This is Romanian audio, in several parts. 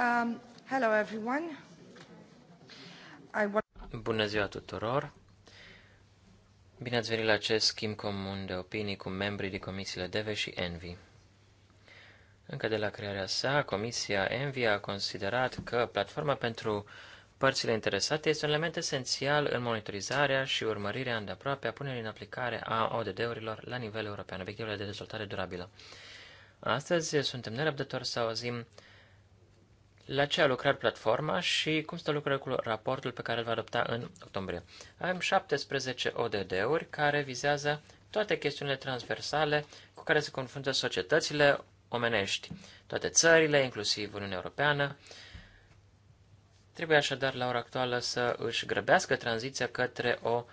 Um, hello everyone. I want... Bună ziua tuturor! Bine ați venit la acest schimb comun de opinii cu membrii din comisiile DEVE și ENVI. Încă de la crearea sa, Comisia ENVI a considerat că platforma pentru părțile interesate este un element esențial în monitorizarea și urmărirea îndeaproape a punerii în aplicare a ODD-urilor la nivel european, obiectivele de dezvoltare durabilă. Astăzi suntem nerăbdători să auzim la ce a lucrat platforma și cum stă lucrurile cu raportul pe care îl va adopta în octombrie. Avem 17 ODD-uri care vizează toate chestiunile transversale cu care se confruntă societățile omenești, toate țările, inclusiv Uniunea Europeană. Trebuie așadar la ora actuală să își grăbească tranziția către o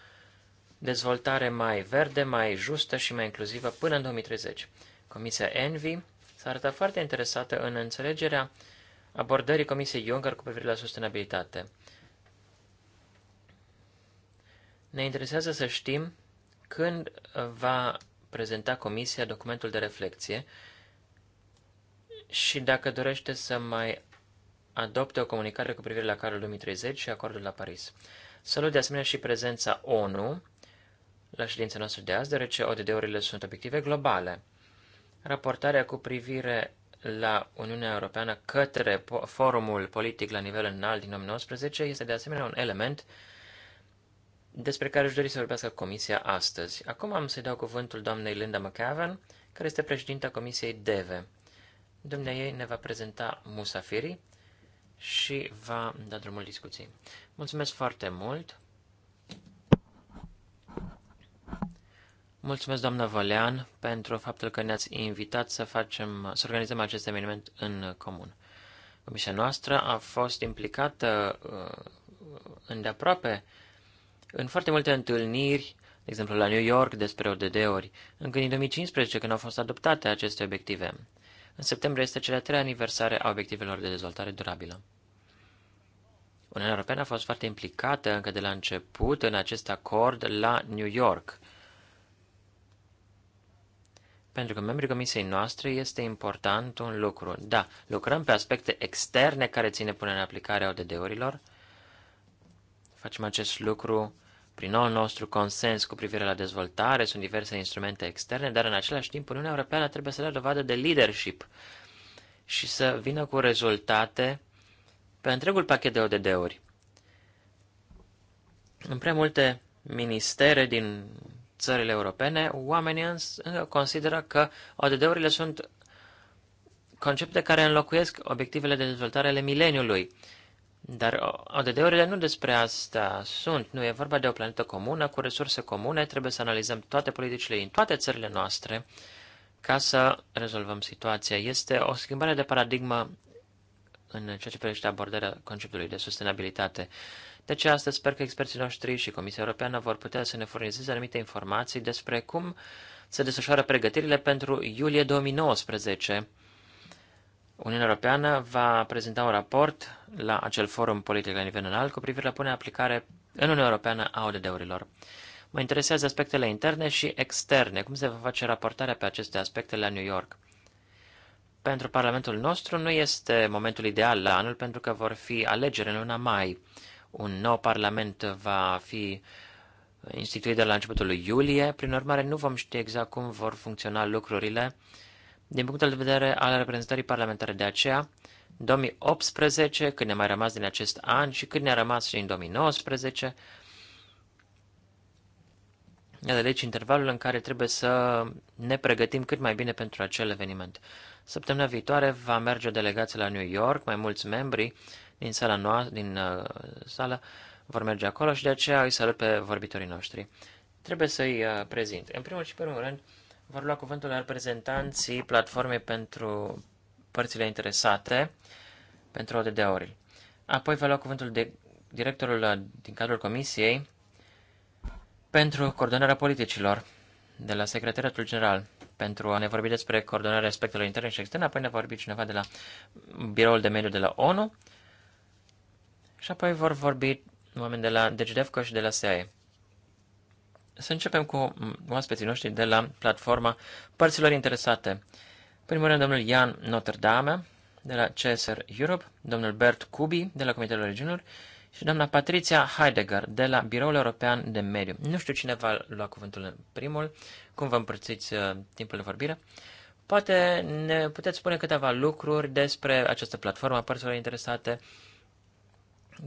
dezvoltare mai verde, mai justă și mai inclusivă până în 2030. Comisia Envy s-a arătat foarte interesată în înțelegerea abordării Comisiei Juncker cu privire la sustenabilitate. Ne interesează să știm când va prezenta Comisia documentul de reflexie și dacă dorește să mai adopte o comunicare cu privire la Carul 2030 și acordul la Paris. Salut de asemenea și prezența ONU la ședința noastră de azi, deoarece ODD-urile sunt obiective globale. Raportarea cu privire la Uniunea Europeană către forumul politic la nivel înalt din 2019 este de asemenea un element despre care își dori să vorbească Comisia astăzi. Acum am să-i dau cuvântul doamnei Linda McAvan, care este președinta Comisiei DEVE. Domnia ei ne va prezenta Musafiri și va da drumul discuției. Mulțumesc foarte mult! Mulțumesc, doamnă Valean, pentru faptul că ne-ați invitat să, facem, să organizăm acest eveniment în comun. Comisia noastră a fost implicată uh, îndeaproape în foarte multe întâlniri, de exemplu la New York, despre ODD-uri, încă din 2015, când au fost adoptate aceste obiective. În septembrie este cea de-a treia aniversare a obiectivelor de dezvoltare durabilă. Uniunea Europeană a fost foarte implicată încă de la început în acest acord la New York. Pentru că membrii comisiei noastre este important un lucru. Da, lucrăm pe aspecte externe care ține până în aplicare ODD-urilor. Facem acest lucru prin nou nostru consens cu privire la dezvoltare, sunt diverse instrumente externe, dar în același timp Uniunea Europeană trebuie să dea dovadă de leadership și să vină cu rezultate pe întregul pachet de ODD-uri. În prea multe ministere din țările europene, oamenii consideră că ODD-urile sunt concepte care înlocuiesc obiectivele de dezvoltare ale mileniului. Dar ODD-urile nu despre asta sunt. Nu e vorba de o planetă comună, cu resurse comune. Trebuie să analizăm toate politicile în toate țările noastre ca să rezolvăm situația. Este o schimbare de paradigmă în ceea ce privește abordarea conceptului de sustenabilitate. Uh, de aceea astăzi sper că experții noștri și Comisia Europeană vor putea să ne furnizeze anumite informații despre cum se desfășoară pregătirile pentru iulie 2019. Uniunea Europeană va prezenta un raport la acel forum politic la nivel înalt cu privire la punerea aplicare în Uniunea Europeană a ODD-urilor. Mă interesează aspectele interne și externe, cum se va face raportarea pe aceste aspecte la New York. Pentru Parlamentul nostru nu este momentul ideal la anul pentru că vor fi alegeri în luna mai. Un nou parlament va fi instituit de la începutul lui iulie, prin urmare nu vom ști exact cum vor funcționa lucrurile din punctul de vedere al reprezentării parlamentare. De aceea, 2018, când ne-a mai rămas din acest an și când ne-a rămas și în 2019, Iată, deci intervalul în care trebuie să ne pregătim cât mai bine pentru acel eveniment. Săptămâna viitoare va merge o delegație la New York, mai mulți membri din sala noastră, din uh, sală, vor merge acolo și de aceea îi salut pe vorbitorii noștri. Trebuie să-i uh, prezint. În primul și primul rând, vor lua cuvântul reprezentanții platformei pentru părțile interesate pentru de ori. Apoi va lua cuvântul de directorul uh, din cadrul comisiei pentru coordonarea politicilor de la Secretariatul General pentru a ne vorbi despre coordonarea aspectelor interne și externe, apoi ne vorbi cineva de la Biroul de Mediu de la ONU și apoi vor vorbi oameni de la DGDEFCO și de la SEAE. Să începem cu oaspeții noștri de la platforma părților interesate. Primul rând, domnul Ian Notre-Dame, de la CSR Europe, domnul Bert Kubi, de la Comitetul Regiunilor, și doamna Patricia Heidegger, de la Biroul European de Mediu. Nu știu cine va lua cuvântul în primul, cum vă împărțiți uh, timpul de vorbire. Poate ne puteți spune câteva lucruri despre această platformă a părților interesate, uh,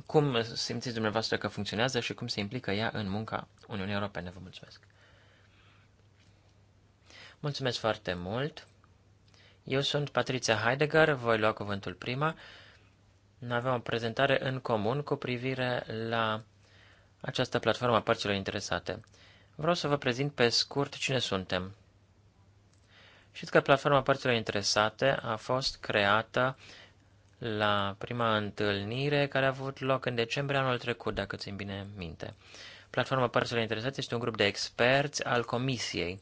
cum simțiți dumneavoastră că funcționează și cum se implică ea în munca Uniunii Europene. Vă mulțumesc! Mulțumesc foarte mult! Eu sunt Patricia Heidegger, voi lua cuvântul prima. Noi avem o prezentare în comun cu privire la această platformă a părților interesate. Vreau să vă prezint pe scurt cine suntem. Știți că platforma părților interesate a fost creată la prima întâlnire care a avut loc în decembrie anul trecut, dacă țin bine minte. Platforma Părților Interesați este un grup de experți al Comisiei.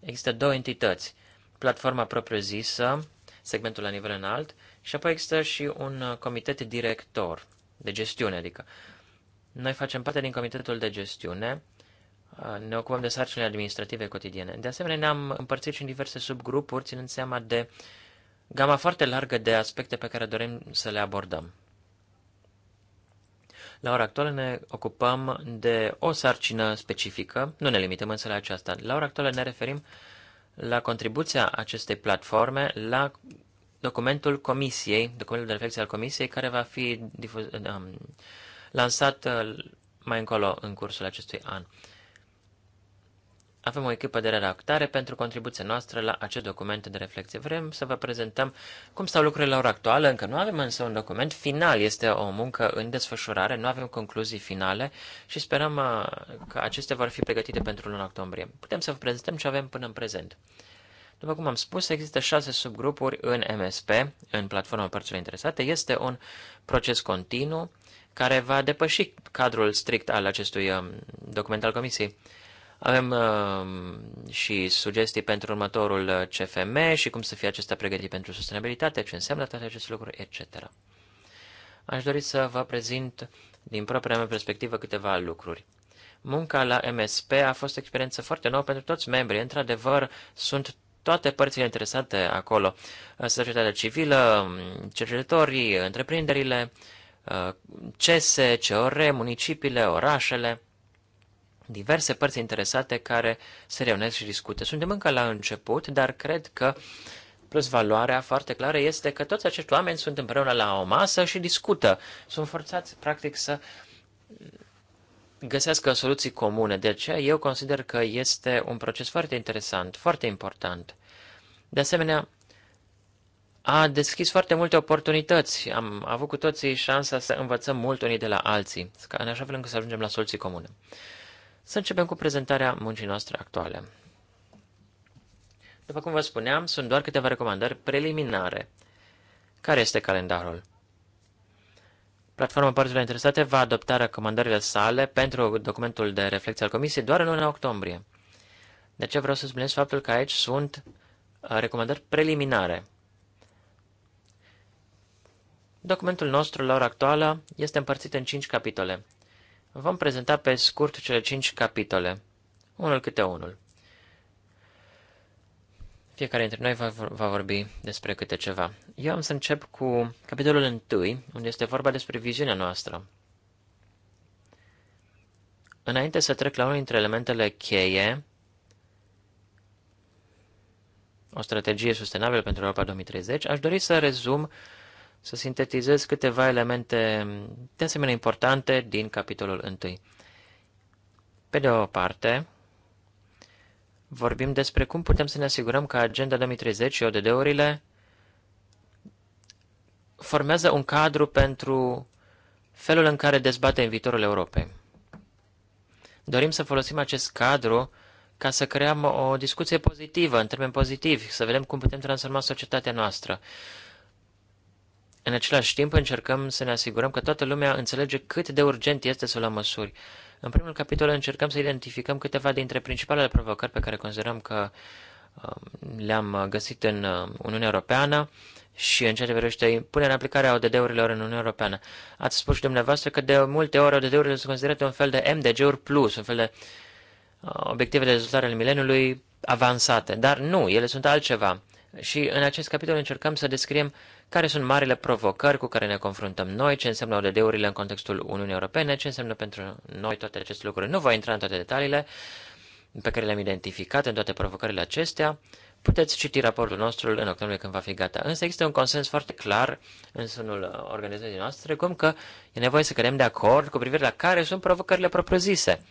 Există două entități. Platforma propriu-zisă, segmentul la nivel înalt, și apoi există și un comitet director de gestiune, adică noi facem parte din comitetul de gestiune, ne ocupăm de sarcinile administrative cotidiene. De asemenea, ne-am împărțit și în diverse subgrupuri, ținând seama de uh, gama foarte largă de aspecte pe care dorim să le abordăm. La ora actuală ne ocupăm de o sarcină specifică, nu ne limităm însă la aceasta. La ora actuală ne referim la contribuția acestei platforme la documentul comisiei, documentul de reflexie al comisiei, care va fi difuz, um, lansat uh, mai încolo în cursul acestui an. Avem o echipă de redactare pentru contribuția noastră la acest document de reflexie. Vrem să vă prezentăm cum stau lucrurile la ora actuală. Încă nu avem însă un document final. Este o muncă în desfășurare, nu avem concluzii finale și sperăm uh, că acestea vor fi pregătite pentru luna octombrie. Putem să vă prezentăm ce avem până în prezent. După cum am spus, există șase subgrupuri în MSP, în platforma părților interesate. Este un proces continuu care va depăși cadrul strict al acestui um, document al Comisiei. Avem uh, și sugestii pentru următorul uh, CFM și cum să fie acesta pregătit pentru sustenabilitate, ce înseamnă toate aceste lucruri, etc. Aș dori să vă prezint din propria mea perspectivă câteva lucruri. Munca la MSP a fost o experiență foarte nouă pentru toți membrii. Într-adevăr, sunt toate părțile interesate acolo. Societatea civilă, cercetătorii, întreprinderile, CESE, uh, COR, municipiile, orașele diverse părți interesate care se reunesc și discută. Suntem încă la început, dar cred că plus valoarea foarte clară este că toți acești oameni sunt împreună la o masă și discută. Sunt forțați, practic, să găsească soluții comune. De aceea eu consider că este un proces foarte interesant, foarte important. De asemenea, a deschis foarte multe oportunități. Am avut cu toții șansa să învățăm mult unii de la alții, în așa fel încât să ajungem la soluții comune. Să începem cu prezentarea muncii noastre actuale. După cum vă spuneam, sunt doar câteva recomandări preliminare. Care este calendarul? Platforma părților interesate va adopta recomandările sale pentru documentul de reflecție al Comisiei doar în luna octombrie. De ce vreau să subliniez faptul că aici sunt uh, recomandări preliminare. Documentul nostru la ora actuală este împărțit în 5 capitole. Vom prezenta pe scurt cele cinci capitole, unul câte unul. Fiecare dintre noi va, va vorbi despre câte ceva. Eu am să încep cu capitolul 1, unde este vorba despre viziunea noastră. Înainte să trec la unul dintre elementele cheie, o strategie sustenabilă pentru Europa 2030, aș dori să rezum să sintetizez câteva elemente de asemenea importante din capitolul 1. Pe de o parte, vorbim despre cum putem să ne asigurăm că Agenda 2030 și ODD-urile formează un cadru pentru felul în care dezbatem viitorul Europei. Dorim să folosim acest cadru ca să creăm o discuție pozitivă, în termeni pozitivi, să vedem cum putem transforma societatea noastră. În același timp, încercăm să ne asigurăm că toată lumea înțelege cât de urgent este să luăm măsuri. În primul capitol încercăm să identificăm câteva dintre principalele provocări pe care considerăm că um, le-am găsit în uh, Uniunea Europeană și în ceea ce privește punerea în aplicare a ODD-urilor în Uniunea Europeană. Ați spus și dumneavoastră că de multe ori ODD-urile sunt considerate un fel de MDG-uri plus, un fel de uh, obiective de dezvoltare ale mileniului avansate, dar nu, ele sunt altceva. Și în acest capitol încercăm să descriem uh, care sunt marile provocări cu care ne confruntăm noi? Ce înseamnă ODD-urile în contextul Uniunii Europene? Ce înseamnă pentru noi toate aceste lucruri? Nu voi intra în toate detaliile pe care le-am identificat, în toate provocările acestea. Puteți citi raportul nostru în octombrie când va fi gata. Însă există un consens foarte clar în sânul organizației noastre, cum că e nevoie să cădem de acord cu privire la care sunt provocările propriu-zise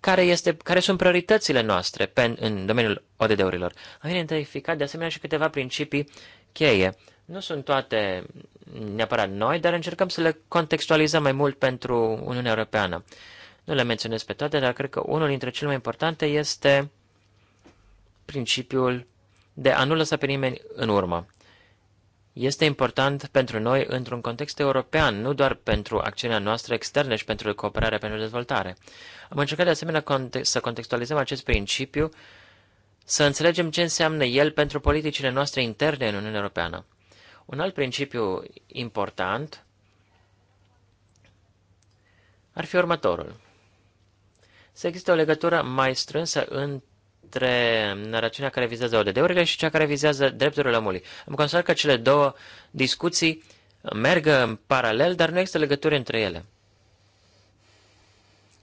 care, este, care sunt prioritățile noastre pe, în domeniul ODD-urilor. Am identificat de asemenea și câteva principii cheie nu sunt toate neapărat noi, dar încercăm să le contextualizăm mai mult pentru Uniunea Europeană. Nu le menționez pe toate, dar cred că unul dintre cele mai importante este principiul de a nu lăsa pe nimeni în urmă. Este important pentru noi într-un context european, nu doar pentru acțiunea noastră externă și pentru cooperarea pentru dezvoltare. Am încercat de asemenea să contextualizăm acest principiu, să înțelegem ce înseamnă el pentru politicile noastre interne în Uniunea Europeană. Un alt principiu important ar fi următorul. Să există o legătură mai strânsă între narațiunea care vizează ODD-urile și cea care vizează drepturile omului. Am considerat că cele două discuții merg în paralel, dar nu există legătură între ele.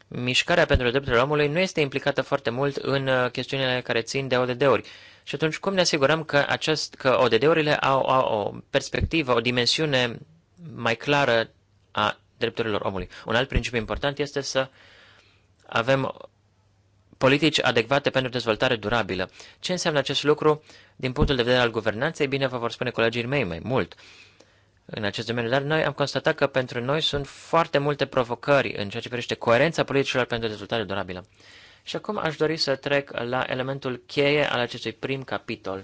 Mișcarea pentru drepturile omului nu este implicată foarte mult în uh, chestiunile care țin de ODD-uri. Și atunci cum ne asigurăm că, acest, că ODD-urile au, au o perspectivă, o dimensiune mai clară a drepturilor omului? Un alt principiu important este să avem politici adecvate pentru dezvoltare durabilă. Ce înseamnă acest lucru din punctul de vedere al guvernanței? Bine, vă vor spune colegii mei mai mult în acest domeniu, dar noi am constatat că pentru noi sunt foarte multe provocări în ceea ce privește coerența politicilor pentru dezvoltare durabilă. Și acum aș dori să trec la elementul cheie al acestui prim capitol.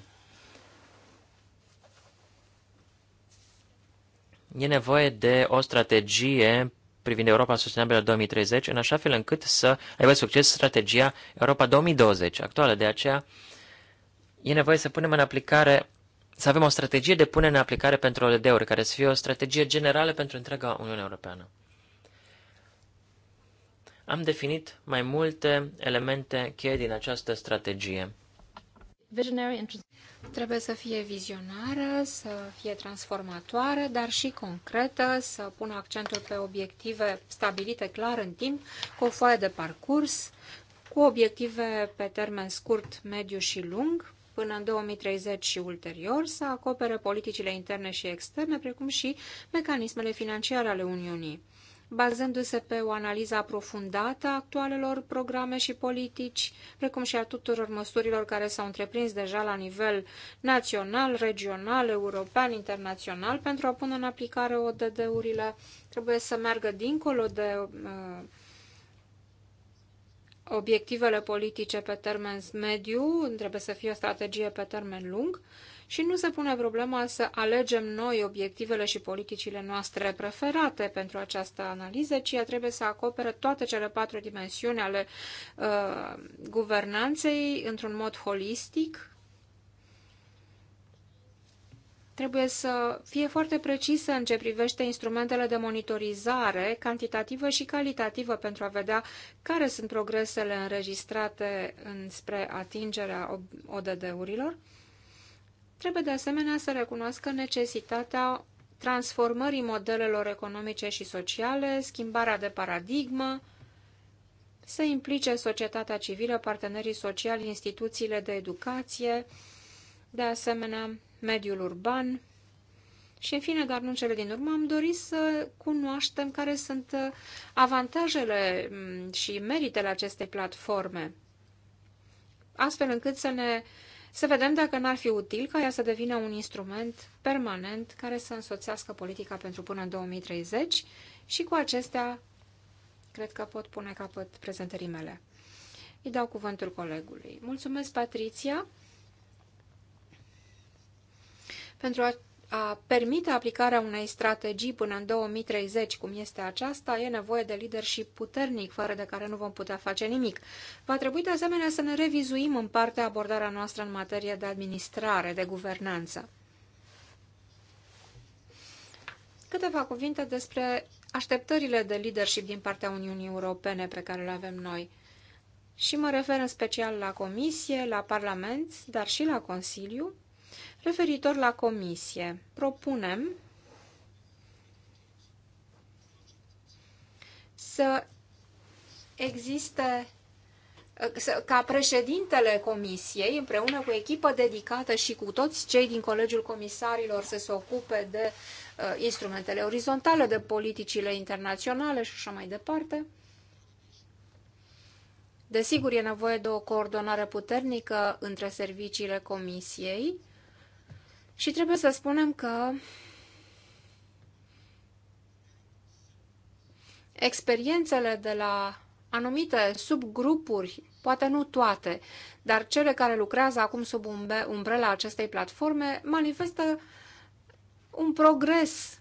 E nevoie de o strategie privind Europa Sustenabilă 2030, în așa fel încât să aibă succes strategia Europa 2020 actuală. De aceea e nevoie să punem în aplicare, să avem o strategie de punere în aplicare pentru OLD-uri, care să fie o strategie generală pentru întreaga Uniune Europeană. Am definit mai multe elemente cheie din această strategie. Trebuie să fie vizionară, să fie transformatoare, dar și concretă, să pună accentul pe obiective stabilite clar în timp, cu o foaie de parcurs, cu obiective pe termen scurt, mediu și lung, până în 2030 și ulterior, să acopere politicile interne și externe, precum și mecanismele financiare ale Uniunii bazându-se pe o analiză aprofundată a actualelor programe și politici, precum și a tuturor măsurilor care s-au întreprins deja la nivel național, regional, european, internațional, pentru a pune în aplicare ODD-urile. Trebuie să meargă dincolo de uh, obiectivele politice pe termen mediu, trebuie să fie o strategie pe termen lung și nu se pune problema să alegem noi obiectivele și politicile noastre preferate pentru această analiză, ci ea trebuie să acopere toate cele patru dimensiuni ale uh, guvernanței într-un mod holistic. Trebuie să fie foarte precisă în ce privește instrumentele de monitorizare, cantitativă și calitativă, pentru a vedea care sunt progresele înregistrate înspre atingerea ODD-urilor Trebuie de asemenea să recunoască necesitatea transformării modelelor economice și sociale, schimbarea de paradigmă, să implice societatea civilă, partenerii sociali, instituțiile de educație, de asemenea mediul urban. Și în fine, dar nu cele din urmă, am dorit să cunoaștem care sunt avantajele mm, și meritele acestei platforme, astfel încât să ne să vedem dacă n-ar fi util ca ea să devină un instrument permanent care să însoțească politica pentru până în 2030 și cu acestea cred că pot pune capăt prezentării mele. Îi dau cuvântul colegului. Mulțumesc, Patriția, pentru a permite aplicarea unei strategii până în 2030, cum este aceasta, e nevoie de leadership puternic, fără de care nu vom putea face nimic. Va trebui de asemenea să ne revizuim în parte abordarea noastră în materie de administrare, de guvernanță. Câteva cuvinte despre așteptările de leadership din partea Uniunii Europene pe care le avem noi. Și mă refer în special la Comisie, la Parlament, dar și la Consiliu, Referitor la comisie, propunem să existe ca președintele comisiei, împreună cu echipă dedicată și cu toți cei din Colegiul Comisarilor să se ocupe de uh, instrumentele orizontale, de politicile internaționale și așa mai departe. Desigur, e nevoie de o coordonare puternică între serviciile comisiei, și trebuie să spunem că experiențele de la anumite subgrupuri, poate nu toate, dar cele care lucrează acum sub umbrela acestei platforme, manifestă un progres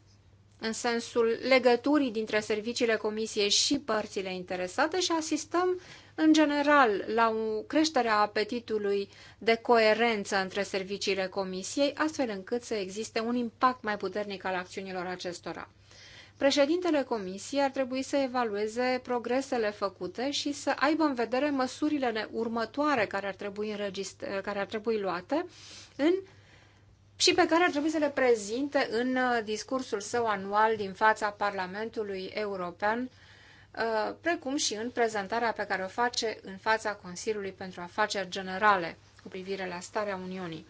în sensul legăturii dintre serviciile comisiei și părțile interesate și asistăm în general la o creștere a apetitului de coerență între serviciile Comisiei, astfel încât să existe un impact mai puternic al acțiunilor acestora. Președintele Comisiei ar trebui să evalueze progresele făcute și să aibă în vedere măsurile următoare care ar trebui, care ar trebui luate în și pe care ar trebui să le prezinte în uh, discursul său anual din fața Parlamentului European Uh, precum și în prezentarea pe care o face în fața Consiliului pentru Afaceri Generale cu privire la starea Uniunii.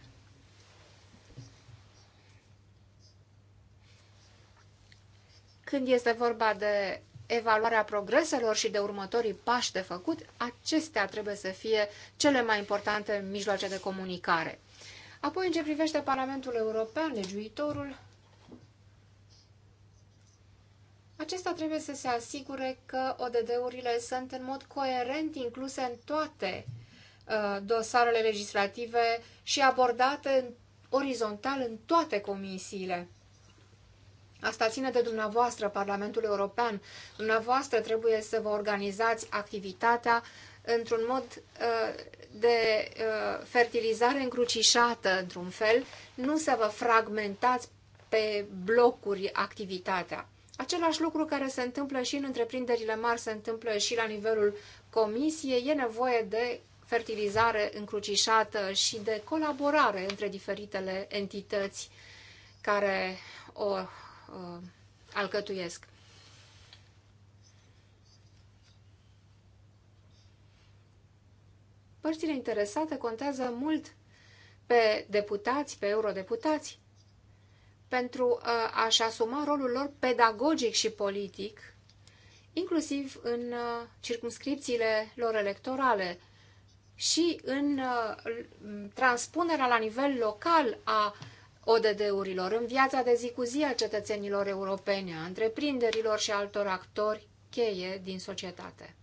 Când este vorba de evaluarea progreselor și de următorii pași de făcut, acestea trebuie să fie cele mai importante mijloace de comunicare. Apoi, în ce privește Parlamentul European, legiuitorul Acesta trebuie să se asigure că ODD-urile sunt în mod coerent incluse în toate uh, dosarele legislative și abordate în, orizontal în toate comisiile. Asta ține de dumneavoastră, Parlamentul European. Dumneavoastră trebuie să vă organizați activitatea într-un mod uh, de uh, fertilizare încrucișată, într-un fel, nu să vă fragmentați pe blocuri activitatea. Același lucru care se întâmplă și în întreprinderile mari se întâmplă și la nivelul comisiei. E nevoie de fertilizare încrucișată și de colaborare între diferitele entități care o uh, alcătuiesc. Părțile interesate contează mult pe deputați, pe eurodeputați, pentru uh, a-și asuma rolul lor pedagogic și politic, inclusiv în uh, circumscripțiile lor electorale și în uh, transpunerea la nivel local a ODD-urilor, în viața de zi cu zi a cetățenilor europene, a întreprinderilor și altor actori cheie din societate.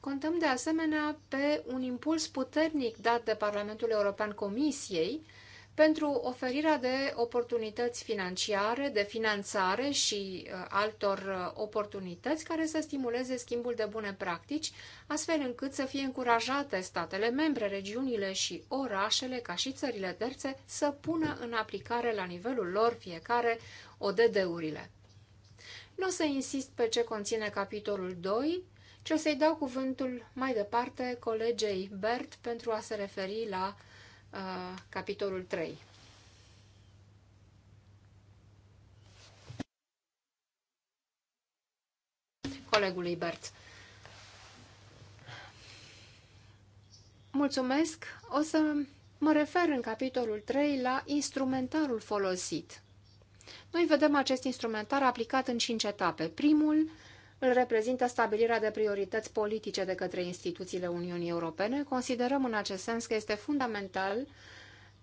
Contăm de asemenea pe un impuls puternic dat de Parlamentul European Comisiei pentru oferirea de oportunități financiare, de finanțare și uh, altor uh, oportunități care să stimuleze schimbul de bune practici, astfel încât să fie încurajate statele membre, regiunile și orașele, ca și țările terțe, să pună în aplicare la nivelul lor fiecare ODD-urile. Nu o să insist pe ce conține capitolul 2, ci o să-i dau cuvântul mai departe colegei Bert pentru a se referi la uh, capitolul 3. Colegului Bert. Mulțumesc. O să mă refer în capitolul 3 la instrumentarul folosit. Noi vedem acest instrumentar aplicat în cinci etape. Primul, îl reprezintă stabilirea de priorități politice de către instituțiile Uniunii Europene. Considerăm în acest sens că este fundamental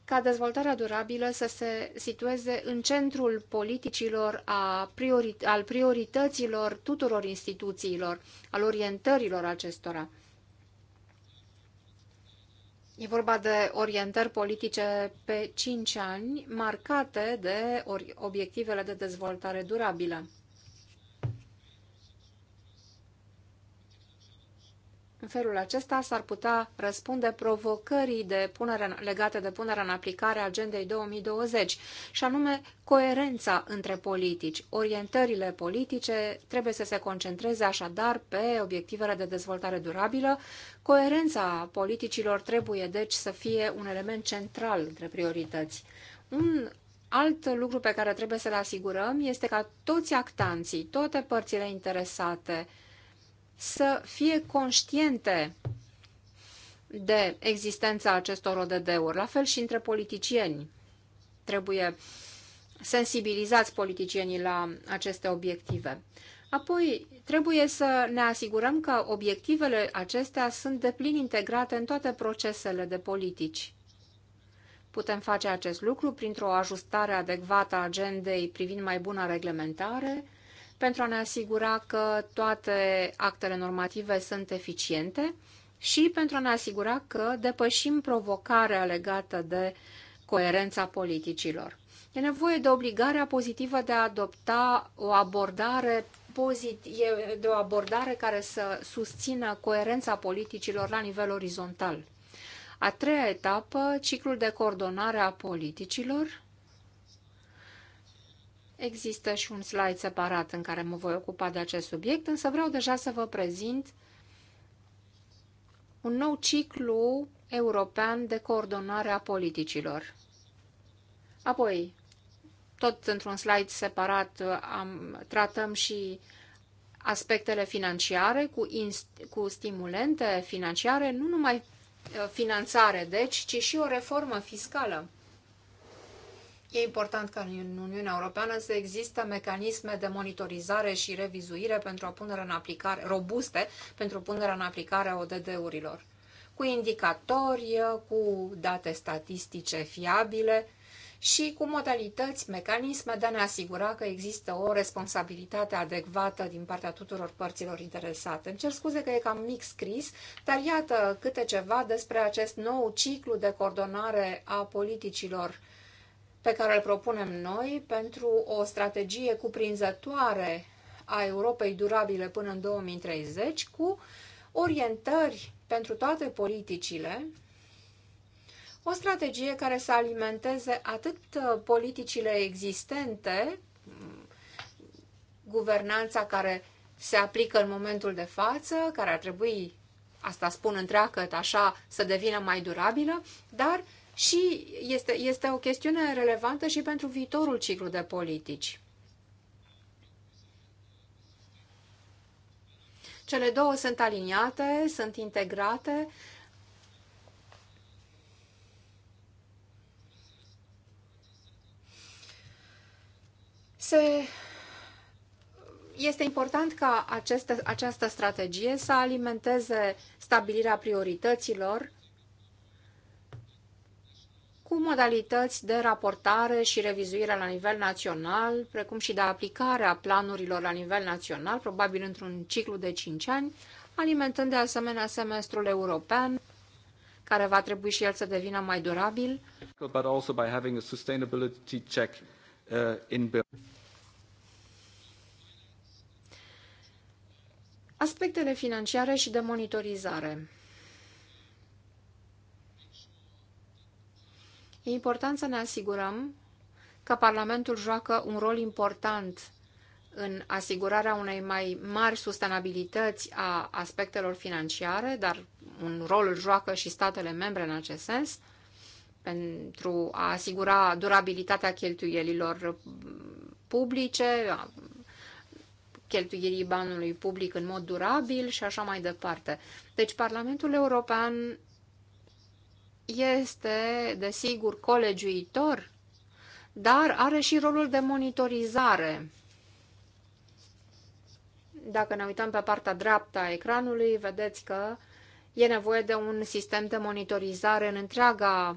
ca dezvoltarea durabilă să se situeze în centrul politicilor, a priori, al priorităților tuturor instituțiilor, al orientărilor acestora. E vorba de orientări politice pe 5 ani, marcate de obiectivele de dezvoltare durabilă. În felul acesta s-ar putea răspunde provocării de punere, legate de punerea în aplicare a Agendei 2020, și anume coerența între politici. Orientările politice trebuie să se concentreze așadar pe obiectivele de dezvoltare durabilă. Coerența politicilor trebuie deci să fie un element central între priorități. Un alt lucru pe care trebuie să-l asigurăm este ca toți actanții, toate părțile interesate, să fie conștiente de existența acestor ODD-uri. La fel și între politicieni. Trebuie sensibilizați politicienii la aceste obiective. Apoi, trebuie să ne asigurăm că obiectivele acestea sunt deplin integrate în toate procesele de politici. Putem face acest lucru printr-o ajustare adecvată a agendei privind mai bună reglementare, pentru a ne asigura că toate actele normative sunt eficiente și pentru a ne asigura că depășim provocarea legată de coerența politicilor. E nevoie de obligarea pozitivă de a adopta o abordare de o abordare care să susțină coerența politicilor la nivel orizontal. A treia etapă, ciclul de coordonare a politicilor, Există și un slide separat în care mă voi ocupa de acest subiect, însă vreau deja să vă prezint un nou ciclu european de coordonare a politicilor. Apoi, tot într-un slide separat, uh, am, tratăm și aspectele financiare cu, inst, cu stimulente financiare, nu numai uh, finanțare, deci, ci și o reformă fiscală. E important ca în Uniunea Europeană să există mecanisme de monitorizare și revizuire pentru a punere în aplicare, robuste pentru punerea în aplicare a ODD-urilor, cu indicatori, cu date statistice fiabile și cu modalități, mecanisme de a ne asigura că există o responsabilitate adecvată din partea tuturor părților interesate. Îmi cer scuze că e cam mic scris, dar iată câte ceva despre acest nou ciclu de coordonare a politicilor pe care îl propunem noi pentru o strategie cuprinzătoare a Europei durabile până în 2030 cu orientări pentru toate politicile, o strategie care să alimenteze atât uh, politicile existente, mm, guvernanța care se aplică în momentul de față, care ar trebui, asta spun întreagăt, așa, să devină mai durabilă, dar și este, este o chestiune relevantă și pentru viitorul ciclu de politici. Cele două sunt aliniate, sunt integrate. Se este important ca această, această strategie să alimenteze stabilirea priorităților cu modalități de raportare și revizuire la nivel național, precum și de aplicare a planurilor la nivel național, probabil într-un ciclu de 5 ani, alimentând de asemenea semestrul european, care va trebui și el să devină mai durabil. But also by having a sustainability check uh, in Aspectele financiare și de monitorizare. E important să ne asigurăm că Parlamentul joacă un rol important în asigurarea unei mai mari sustenabilități a aspectelor financiare, dar un rol îl joacă și statele membre în acest sens, pentru a asigura durabilitatea cheltuielilor publice, cheltuirii banului public în mod durabil și așa mai departe. Deci Parlamentul European este, desigur, colegiuitor, dar are și rolul de monitorizare. Dacă ne uităm pe partea dreaptă a ecranului, vedeți că e nevoie de un sistem de monitorizare în, întreaga,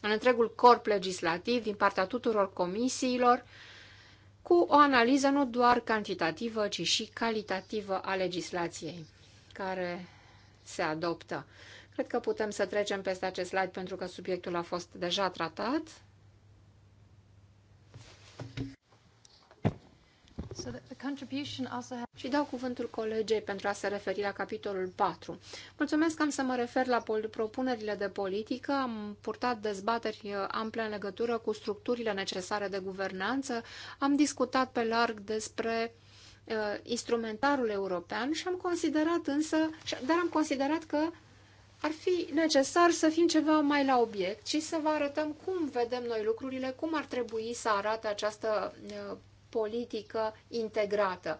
în întregul corp legislativ din partea tuturor comisiilor, cu o analiză nu doar cantitativă, ci și calitativă a legislației care se adoptă. Cred că putem să trecem peste acest slide pentru că subiectul a fost deja tratat. So also... Și dau cuvântul colegei pentru a se referi la capitolul 4. Mulțumesc că am să mă refer la propunerile de politică. Am purtat dezbateri uh, ample în legătură cu structurile necesare de guvernanță. Am discutat pe larg despre uh, instrumentarul european și am considerat însă, dar am considerat că ar fi necesar să fim ceva mai la obiect și să vă arătăm cum vedem noi lucrurile, cum ar trebui să arate această uh, politică integrată.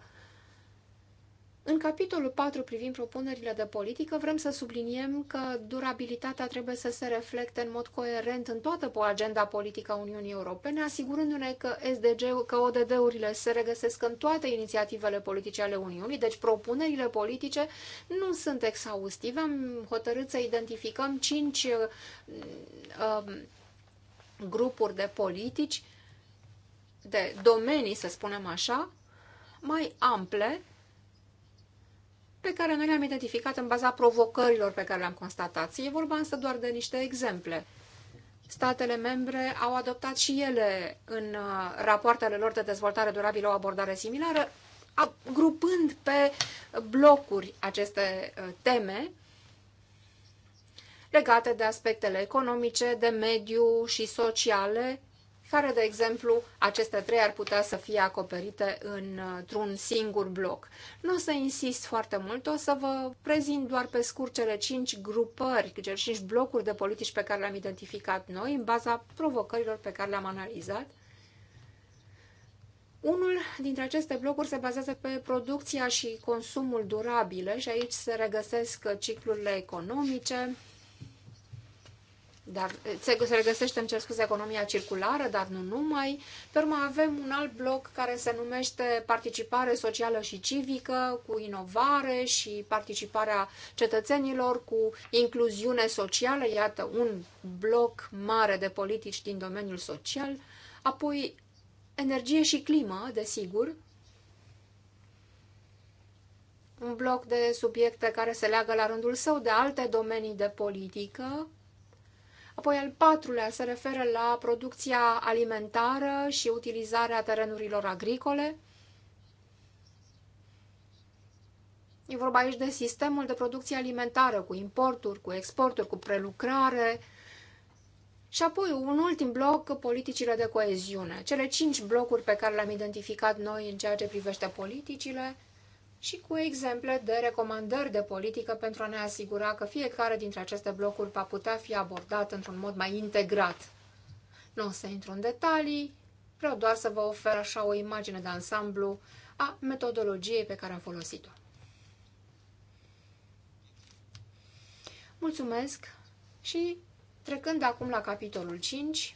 În capitolul 4 privind propunerile de politică, vrem să subliniem că durabilitatea trebuie să se reflecte în mod coerent în toată agenda politică a Uniunii Europene, asigurându-ne că SDG, că ODD-urile se regăsesc în toate inițiativele politice ale Uniunii, deci propunerile politice nu sunt exhaustive. Am hotărât să identificăm cinci uh, um, grupuri de politici, de domenii, să spunem așa, mai ample, pe care noi le-am identificat în baza provocărilor pe care le-am constatat. E vorba însă doar de niște exemple. Statele membre au adoptat și ele în uh, rapoartele lor de dezvoltare durabilă o abordare similară, grupând pe blocuri aceste uh, teme legate de aspectele economice, de mediu și sociale, care, de exemplu, aceste trei ar putea să fie acoperite într-un singur bloc. Nu o să insist foarte mult, o să vă prezint doar pe scurt cele cinci grupări, cele cinci blocuri de politici pe care le-am identificat noi în baza provocărilor pe care le-am analizat. Unul dintre aceste blocuri se bazează pe producția și consumul durabile și aici se regăsesc ciclurile economice, dar se, regăsește, în cer scuze, economia circulară, dar nu numai. Pe urmă avem un alt bloc care se numește participare socială și civică, cu inovare și participarea cetățenilor, cu incluziune socială, iată, un bloc mare de politici din domeniul social. Apoi, energie și climă, desigur, un bloc de subiecte care se leagă la rândul său de alte domenii de politică, Apoi al patrulea se referă la producția alimentară și utilizarea terenurilor agricole. E vorba aici de sistemul de producție alimentară, cu importuri, cu exporturi, cu prelucrare. Și apoi un ultim bloc, politicile de coeziune. Cele cinci blocuri pe care le-am identificat noi în ceea ce privește politicile – și cu exemple de recomandări de politică pentru a ne asigura că fiecare dintre aceste blocuri va putea fi abordat într-un mod mai integrat. Nu o să intru în detalii, vreau doar să vă ofer așa o imagine de ansamblu a metodologiei pe care am folosit-o. Mulțumesc și trecând acum la capitolul 5,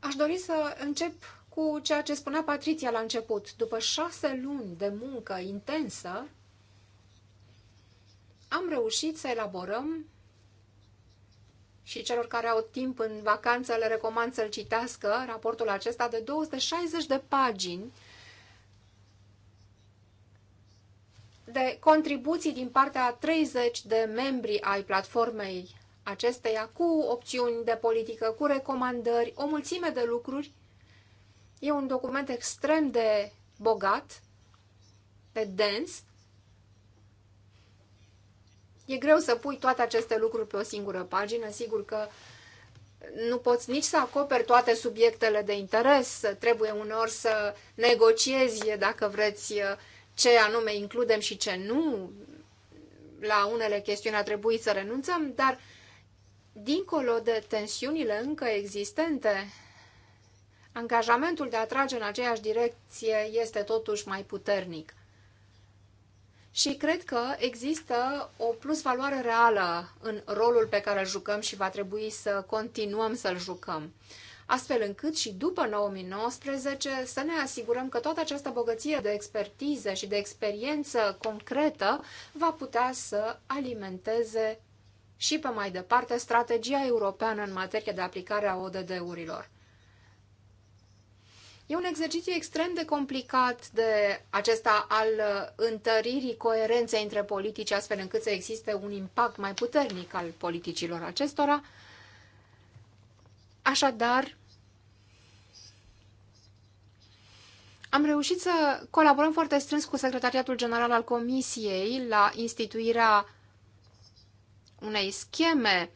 Aș dori să încep cu ceea ce spunea Patricia la început. După șase luni de muncă intensă, am reușit să elaborăm și celor care au timp în vacanță le recomand să-l citească, raportul acesta de 260 de pagini de contribuții din partea 30 de membri ai platformei acesteia, cu opțiuni de politică, cu recomandări, o mulțime de lucruri. E un document extrem de bogat, de dens. E greu să pui toate aceste lucruri pe o singură pagină, sigur că nu poți nici să acoperi toate subiectele de interes, trebuie uneori să negociezi dacă vreți ce anume includem și ce nu, la unele chestiuni a trebuit să renunțăm, dar dincolo de tensiunile încă existente, angajamentul de a trage în aceeași direcție este totuși mai puternic. Și cred că există o plusvaloare reală în rolul pe care îl jucăm și va trebui să continuăm să-l jucăm. Astfel încât și după 2019 să ne asigurăm că toată această bogăție de expertiză și de experiență concretă va putea să alimenteze și, pe mai departe, strategia europeană în materie de aplicare a ODD-urilor. E un exercițiu extrem de complicat de acesta al uh, întăririi coerenței între politici, astfel încât să existe un impact mai puternic al politicilor acestora. Așadar, Am reușit să colaborăm foarte strâns cu Secretariatul General al Comisiei la instituirea unei scheme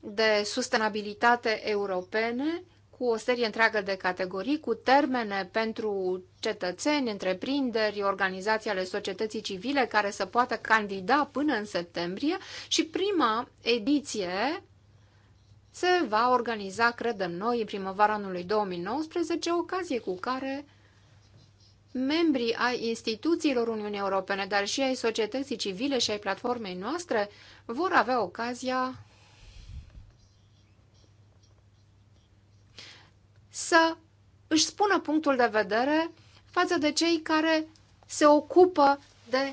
de sustenabilitate europene cu o serie întreagă de categorii, cu termene pentru cetățeni, întreprinderi, organizații ale societății civile care să poată candida până în septembrie și prima ediție se va organiza, credem noi, în primăvara anului 2019, ocazie cu care membrii ai instituțiilor Uniunii Europene, dar și ai societății civile și ai platformei noastre, vor avea ocazia să își spună punctul de vedere față de cei care se ocupă de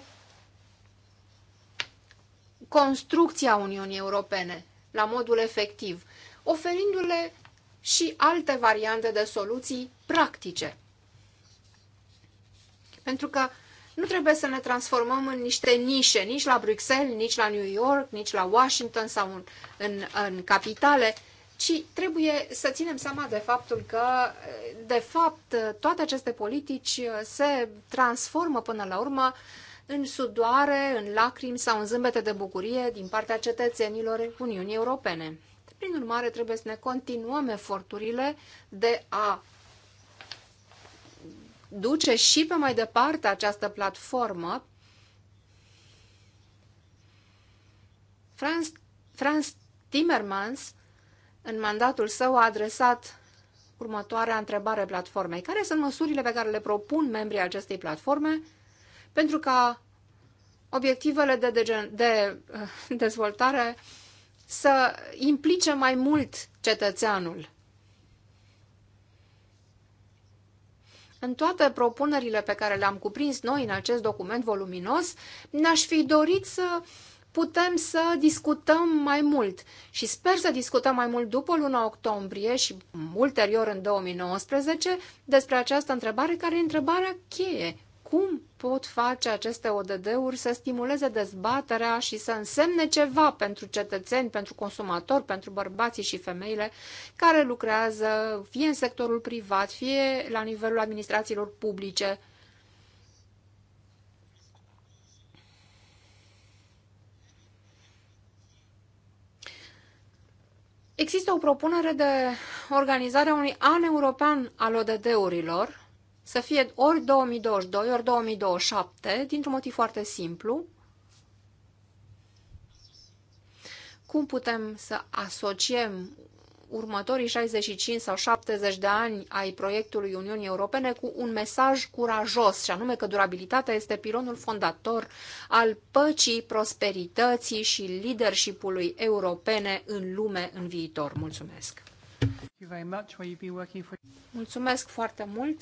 construcția Uniunii Europene la modul efectiv, oferindu-le și alte variante de soluții practice. Pentru că nu trebuie să ne transformăm în niște nișe, nici la Bruxelles, nici la New York, nici la Washington sau în, în, în capitale, ci trebuie să ținem seama de faptul că, de fapt, toate aceste politici se transformă până la urmă în sudoare, în lacrimi sau în zâmbete de bucurie din partea cetățenilor Uniunii Europene. Prin urmare, trebuie să ne continuăm eforturile de a duce și pe mai departe această platformă, Franz, Franz Timmermans, în mandatul său, a adresat următoarea întrebare platformei. Care sunt măsurile pe care le propun membrii acestei platforme pentru ca obiectivele de, degen- de dezvoltare să implice mai mult cetățeanul? În toate propunerile pe care le-am cuprins noi în acest document voluminos, ne-aș fi dorit să putem să discutăm mai mult și sper să discutăm mai mult după luna octombrie și ulterior în 2019 despre această întrebare care e întrebarea cheie cum pot face aceste ODD-uri să stimuleze dezbaterea și să însemne ceva pentru cetățeni, pentru consumatori, pentru bărbații și femeile care lucrează fie în sectorul privat, fie la nivelul administrațiilor publice. Există o propunere de organizare a unui an european al ODD-urilor, să fie ori 2022, ori 2027, dintr-un motiv foarte simplu. Cum putem să asociem următorii 65 sau 70 de ani ai proiectului Uniunii Europene cu un mesaj curajos, și anume că durabilitatea este pilonul fondator al păcii, prosperității și leadership-ului europene în lume în viitor. Mulțumesc! Mulțumesc foarte mult!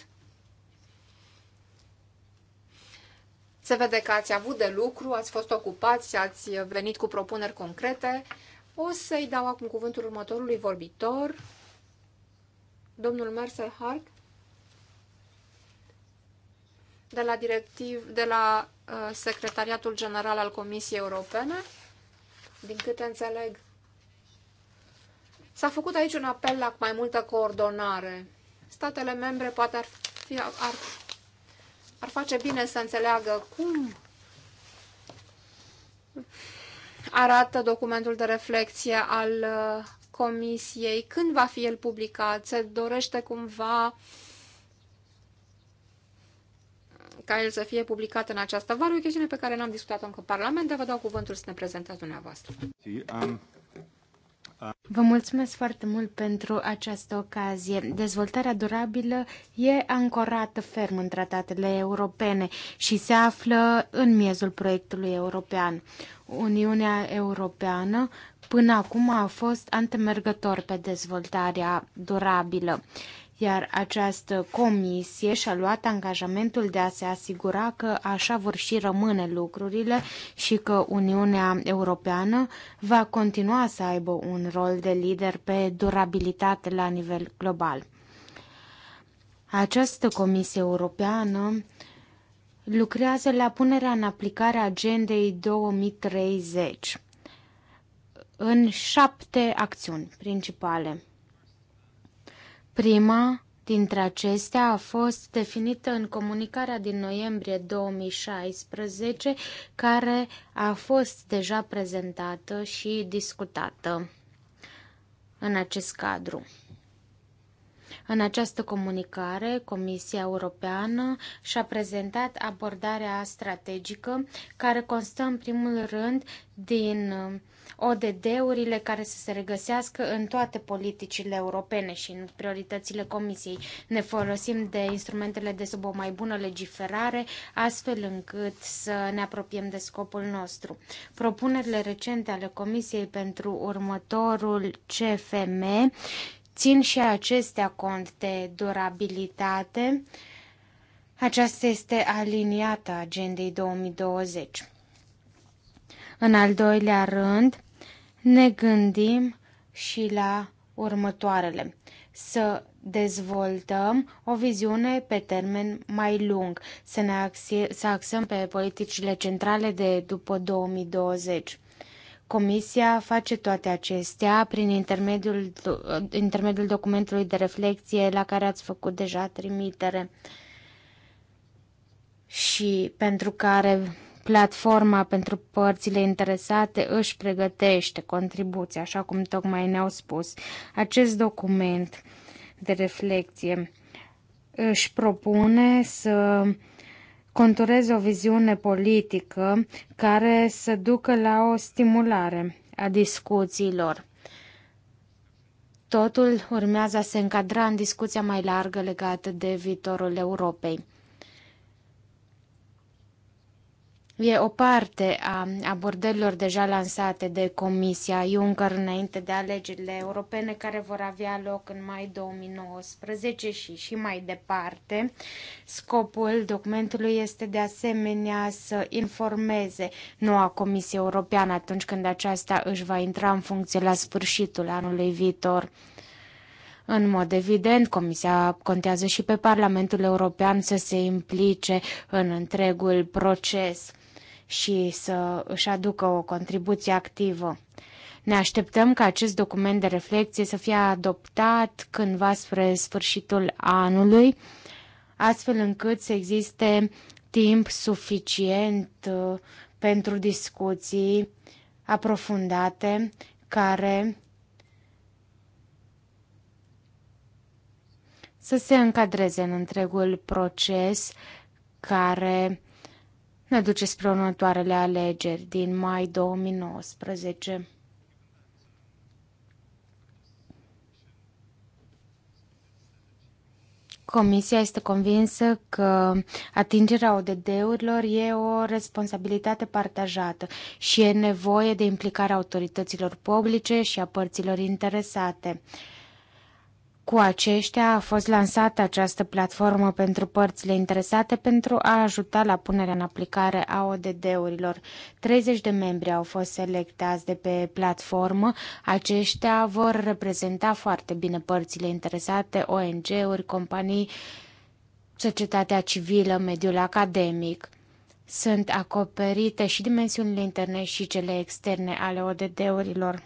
Se vede că ați avut de lucru, ați fost ocupați, ați venit cu propuneri concrete. O să-i dau acum cuvântul următorului vorbitor, domnul Mercer Hark, de la, directiv, de la uh, Secretariatul General al Comisiei Europene. Din câte înțeleg, s-a făcut aici un apel la mai multă coordonare. Statele membre poate ar, fi, ar ar face bine să înțeleagă cum arată documentul de reflexie al uh, comisiei, când va fi el publicat, se dorește cumva ca el să fie publicat în această vară, o chestiune pe care n-am discutat-o încă în Parlament, dar vă dau cuvântul să ne prezentați dumneavoastră. Vă mulțumesc foarte mult pentru această ocazie. Dezvoltarea durabilă e ancorată ferm în tratatele europene și se află în miezul proiectului european. Uniunea Europeană până acum a fost antemergător pe dezvoltarea durabilă iar această comisie și-a luat angajamentul de a se asigura că așa vor și rămâne lucrurile și că Uniunea Europeană va continua să aibă un rol de lider pe durabilitate la nivel global. Această comisie europeană lucrează la punerea în aplicare a agendei 2030 în șapte acțiuni principale. Prima dintre acestea a fost definită în comunicarea din noiembrie 2016, care a fost deja prezentată și discutată în acest cadru. În această comunicare, Comisia Europeană și-a prezentat abordarea strategică care constă în primul rând din ODD-urile care să se regăsească în toate politicile europene și în prioritățile Comisiei. Ne folosim de instrumentele de sub o mai bună legiferare, astfel încât să ne apropiem de scopul nostru. Propunerile recente ale Comisiei pentru următorul CFM țin și acestea cont de durabilitate. Aceasta este aliniată agendei 2020. În al doilea rând, ne gândim și la următoarele. Să dezvoltăm o viziune pe termen mai lung, să ne axie, să axăm pe politicile centrale de după 2020. Comisia face toate acestea prin intermediul, intermediul documentului de reflexie la care ați făcut deja trimitere și pentru care platforma pentru părțile interesate își pregătește contribuția, așa cum tocmai ne-au spus. Acest document de reflexie își propune să contureze o viziune politică care să ducă la o stimulare a discuțiilor. Totul urmează să se încadra în discuția mai largă legată de viitorul Europei. E o parte a abordărilor deja lansate de Comisia Juncker înainte de alegerile europene care vor avea loc în mai 2019 și și mai departe. Scopul documentului este de asemenea să informeze noua Comisie Europeană atunci când aceasta își va intra în funcție la sfârșitul anului viitor. În mod evident, Comisia contează și pe Parlamentul European să se implice în întregul proces și să își aducă o contribuție activă. Ne așteptăm ca acest document de reflecție să fie adoptat cândva spre sfârșitul anului, astfel încât să existe timp suficient uh, pentru discuții aprofundate care să se încadreze în întregul proces care ne duce spre următoarele alegeri din mai 2019. Comisia este convinsă că atingerea ODD-urilor e o responsabilitate partajată și e nevoie de implicarea autorităților publice și a părților interesate. Cu aceștia a fost lansată această platformă pentru părțile interesate pentru a ajuta la punerea în aplicare a ODD-urilor. 30 de membri au fost selectați de pe platformă. Aceștia vor reprezenta foarte bine părțile interesate, ONG-uri, companii, societatea civilă, mediul academic. Sunt acoperite și dimensiunile interne și cele externe ale ODD-urilor.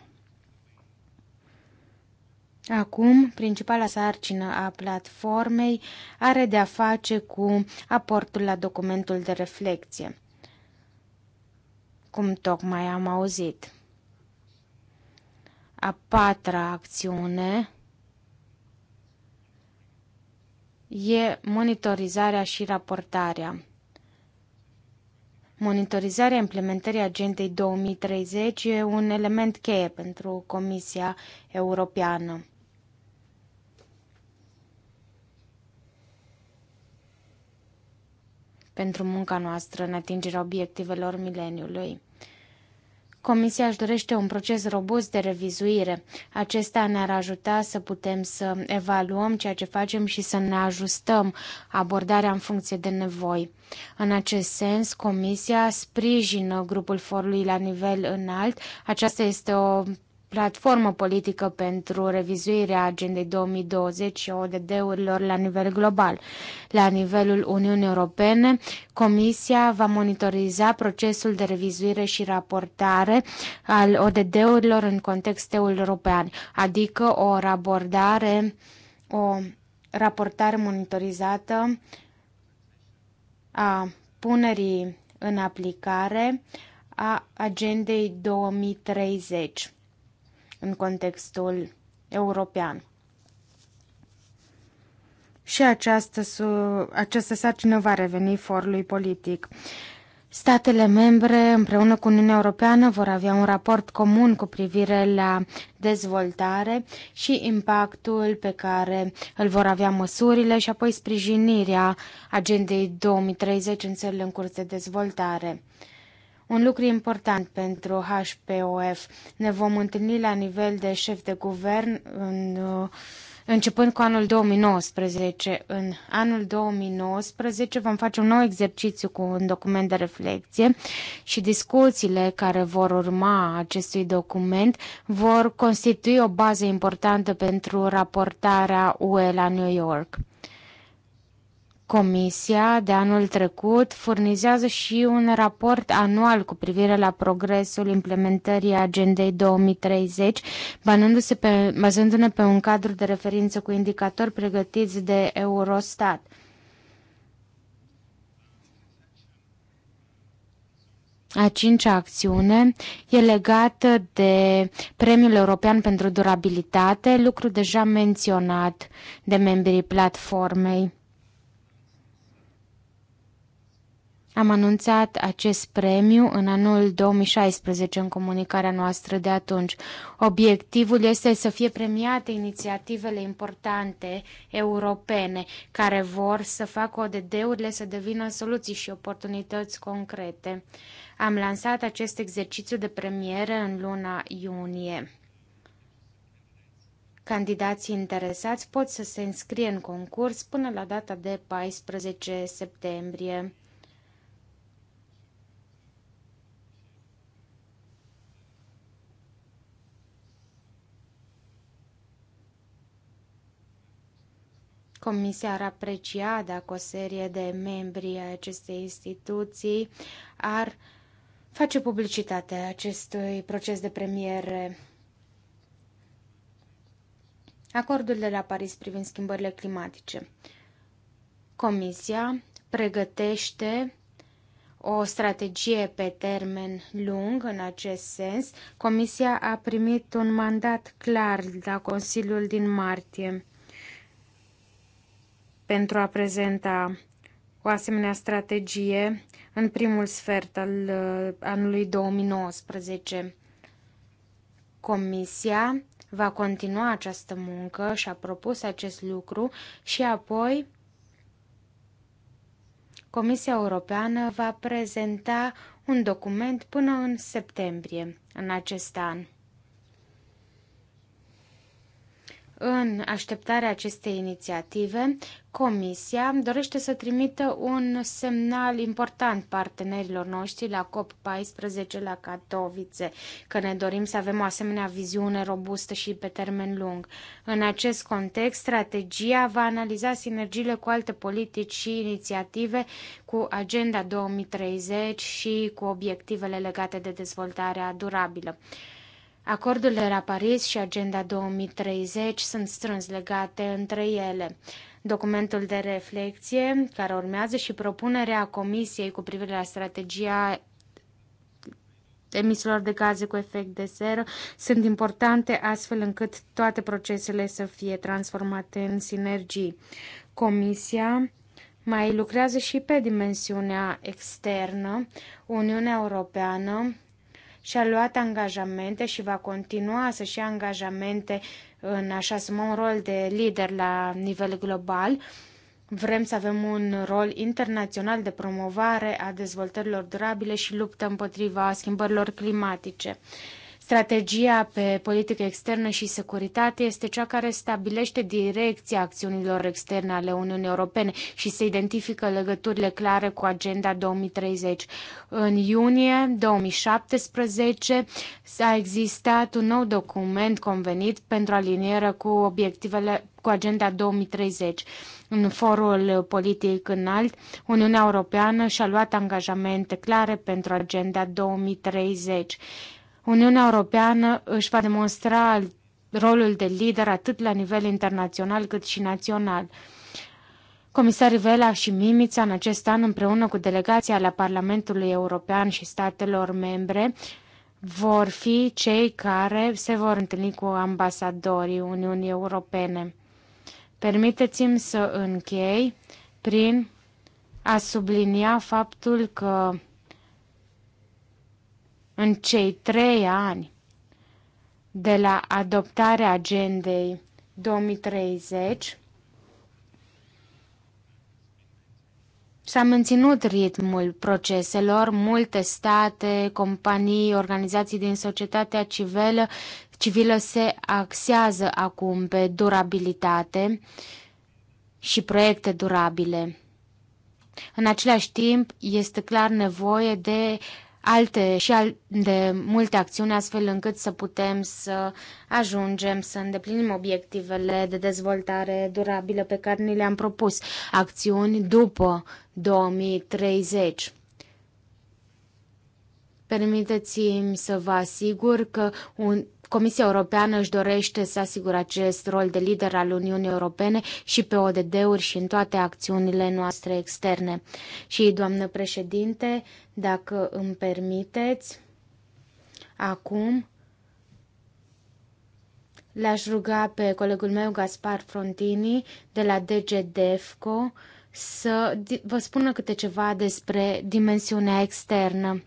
Acum, principala sarcină a platformei are de-a face cu aportul la documentul de reflecție, cum tocmai am auzit. A patra acțiune e monitorizarea și raportarea. Monitorizarea implementării agendei 2030 e un element cheie pentru Comisia Europeană. pentru munca noastră în atingerea obiectivelor mileniului. Comisia își dorește un proces robust de revizuire. Acesta ne-ar ajuta să putem să evaluăm ceea ce facem și să ne ajustăm abordarea în funcție de nevoi. În acest sens, Comisia sprijină grupul forului la nivel înalt. Aceasta este o platformă politică pentru revizuirea agendei 2020 și ODD-urilor la nivel global. La nivelul Uniunii Europene, Comisia va monitoriza procesul de revizuire și raportare al ODD-urilor în contextul european, adică o abordare, o raportare monitorizată a punerii în aplicare a agendei 2030 în contextul european. Și această, această sarcină va reveni forului politic. Statele membre, împreună cu Uniunea Europeană, vor avea un raport comun cu privire la dezvoltare și impactul pe care îl vor avea măsurile și apoi sprijinirea agendei 2030 în țările în curs de dezvoltare. Un lucru important pentru HPOF. Ne vom întâlni la nivel de șef de guvern în, uh, începând cu anul 2019. În anul 2019 vom face un nou exercițiu cu un document de reflexie și discuțiile care vor urma acestui document vor constitui o bază importantă pentru raportarea UE la New York. Comisia de anul trecut furnizează și un raport anual cu privire la progresul implementării Agendei 2030, bazându-se pe, bazându-ne pe un cadru de referință cu indicatori pregătiți de Eurostat. A cincea acțiune e legată de Premiul European pentru Durabilitate, lucru deja menționat de membrii platformei. Am anunțat acest premiu în anul 2016 în comunicarea noastră de atunci. Obiectivul este să fie premiate inițiativele importante europene care vor să facă ODD-urile să devină soluții și oportunități concrete. Am lansat acest exercițiu de premiere în luna iunie. Candidații interesați pot să se înscrie în concurs până la data de 14 septembrie. Comisia ar aprecia dacă o serie de membri ai acestei instituții ar face publicitate acestui proces de premiere. Acordul de la Paris privind schimbările climatice. Comisia pregătește o strategie pe termen lung în acest sens. Comisia a primit un mandat clar la Consiliul din martie pentru a prezenta o asemenea strategie în primul sfert al uh, anului 2019. Comisia va continua această muncă și a propus acest lucru și apoi Comisia Europeană va prezenta un document până în septembrie în acest an. În așteptarea acestei inițiative, Comisia dorește să trimită un semnal important partenerilor noștri la COP14 la Katowice, că ne dorim să avem o asemenea viziune robustă și pe termen lung. În acest context, strategia va analiza sinergiile cu alte politici și inițiative cu Agenda 2030 și cu obiectivele legate de dezvoltarea durabilă. Acordul de la Paris și Agenda 2030 sunt strâns legate între ele. Documentul de reflexie care urmează și propunerea Comisiei cu privire la strategia emisiilor de gaze cu efect de seră sunt importante astfel încât toate procesele să fie transformate în sinergii. Comisia mai lucrează și pe dimensiunea externă. Uniunea Europeană și-a luat angajamente și va continua să-și ia angajamente în a-și asuma un rol de lider la nivel global. Vrem să avem un rol internațional de promovare a dezvoltărilor durabile și luptă împotriva schimbărilor climatice. Strategia pe politică externă și securitate este cea care stabilește direcția acțiunilor externe ale Uniunii Europene și se identifică legăturile clare cu Agenda 2030. În iunie 2017 a existat un nou document convenit pentru alinieră cu obiectivele cu Agenda 2030. În forul politic înalt, Uniunea Europeană și-a luat angajamente clare pentru Agenda 2030 Uniunea Europeană își va demonstra rolul de lider atât la nivel internațional cât și național. Comisarii Vela și Mimița în acest an împreună cu delegația la Parlamentului European și statelor membre vor fi cei care se vor întâlni cu ambasadorii Uniunii Europene. Permiteți-mi să închei prin a sublinia faptul că în cei trei ani de la adoptarea agendei 2030 S-a menținut ritmul proceselor, multe state, companii, organizații din societatea civilă, civilă se axează acum pe durabilitate și proiecte durabile. În același timp, este clar nevoie de alte și al, de multe acțiuni astfel încât să putem să ajungem să îndeplinim obiectivele de dezvoltare durabilă pe care ni le-am propus, acțiuni după 2030. Permiteți-mi să vă asigur că un, Comisia Europeană își dorește să asigure acest rol de lider al Uniunii Europene și pe ODD-uri și în toate acțiunile noastre externe. Și, doamnă președinte, dacă îmi permiteți, acum l-aș ruga pe colegul meu Gaspar Frontini de la DGDEFCO să vă spună câte ceva despre dimensiunea externă.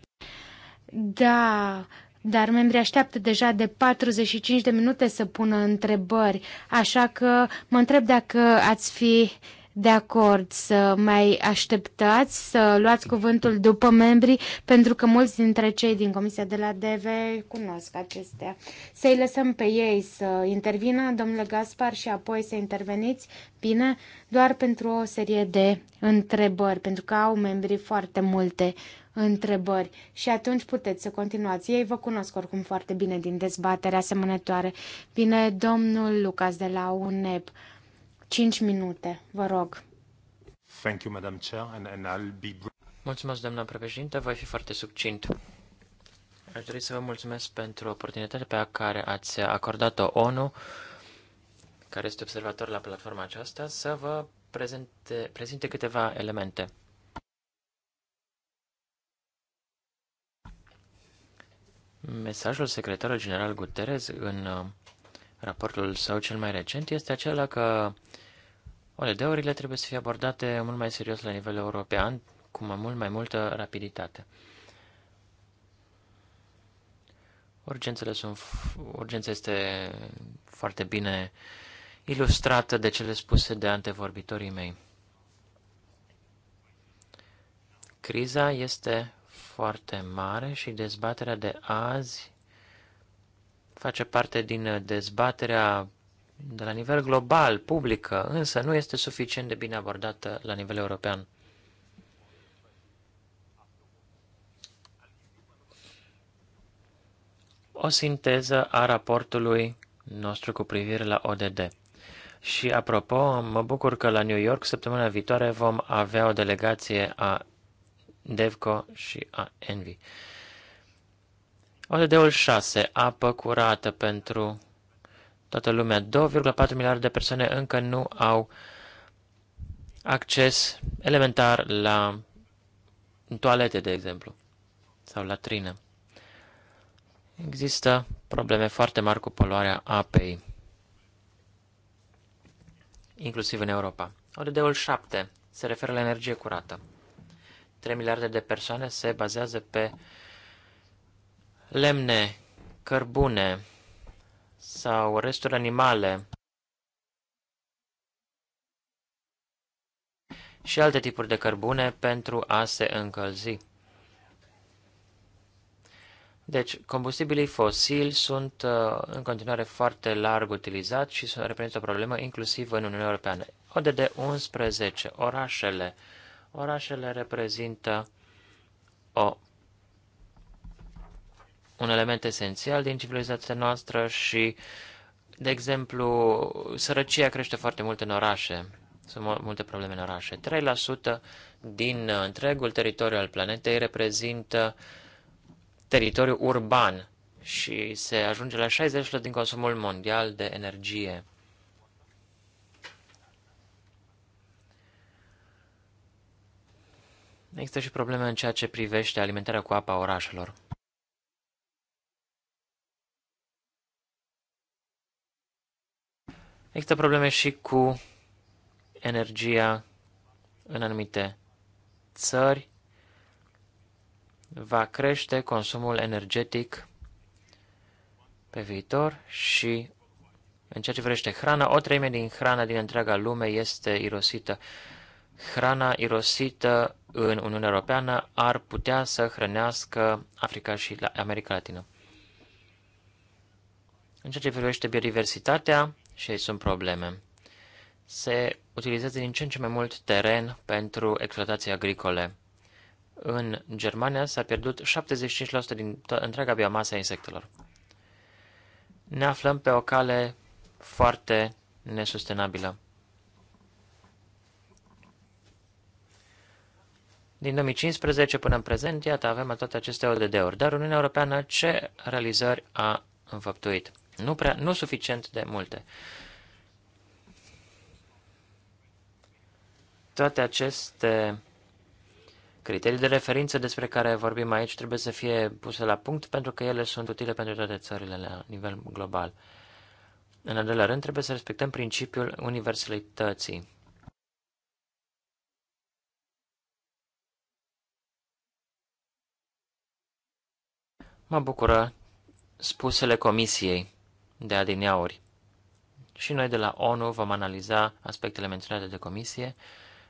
Da, dar membrii așteaptă deja de 45 de minute să pună întrebări, așa că mă întreb dacă ați fi de acord să mai așteptați, să luați cuvântul după membrii, pentru că mulți dintre cei din Comisia de la DV cunosc acestea. Să-i lăsăm pe ei să intervină, domnule Gaspar, și apoi să interveniți, bine, doar pentru o serie de întrebări, pentru că au membrii foarte multe întrebări și atunci puteți să continuați. Ei vă cunosc oricum foarte bine din dezbatere asemănătoare. Vine domnul Lucas de la UNEP. 5 minute, vă rog. Thank you, Madam Chair, and, and I'll be... Mulțumesc, doamna președinte, voi fi foarte succint. Aș dori să vă mulțumesc pentru oportunitatea pe care ați acordat-o ONU, care este observator la platforma aceasta, să vă prezente, prezinte câteva elemente. Mesajul secretarului general Guterres în uh, raportul său cel mai recent este acela că OLD-urile trebuie să fie abordate mult mai serios la nivel european, cu mult mai multă rapiditate. Urgențele sunt, urgența este foarte bine ilustrată de cele spuse de antevorbitorii mei. Criza este foarte mare și dezbaterea de azi face parte din dezbaterea de la nivel global, publică, însă nu este suficient de bine abordată la nivel european. O sinteză a raportului nostru cu privire la ODD. Și apropo, mă bucur că la New York săptămâna viitoare vom avea o delegație a Devco și a Envy. ODD-ul 6, apă curată pentru toată lumea. 2,4 miliarde de persoane încă nu au acces elementar la toalete, de exemplu, sau la trină. Există probleme foarte mari cu poluarea apei, inclusiv în Europa. ODD-ul 7 se referă la energie curată. 3 miliarde de persoane se bazează pe lemne, cărbune sau resturi animale și alte tipuri de cărbune pentru a se încălzi. Deci, combustibilii fosili sunt uh, în continuare foarte larg utilizați și reprezintă o problemă inclusiv în Uniunea Europeană. ODD 11, orașele, Orașele reprezintă o, un element esențial din civilizația noastră și, de exemplu, sărăcia crește foarte mult în orașe. Sunt multe probleme în orașe. 3% din întregul teritoriu al planetei reprezintă teritoriu urban și se ajunge la 60% din consumul mondial de energie. Există și probleme în ceea ce privește alimentarea cu apă orașelor. Există probleme și cu energia în anumite țări. Va crește consumul energetic pe viitor și în ceea ce vrește hrana, o treime din hrana din întreaga lume este irosită. Hrana irosită în Uniunea Europeană ar putea să hrănească Africa și America Latină. În ceea ce privește biodiversitatea, și aici sunt probleme. Se utilizează din ce în ce mai mult teren pentru exploatații agricole. În Germania s-a pierdut 75% din întreaga biomasă a insectelor. Ne aflăm pe o cale foarte nesustenabilă. Din 2015 până în prezent, iată, avem toate aceste ODD-uri, dar Uniunea Europeană ce realizări a înfăptuit? Nu, prea, nu suficient de multe. Toate aceste criterii de referință despre care vorbim aici trebuie să fie puse la punct pentru că ele sunt utile pentru toate țările la nivel global. În al doilea rând, trebuie să respectăm principiul universalității. Mă bucură spusele comisiei de adineauri. Și noi de la ONU vom analiza aspectele menționate de comisie.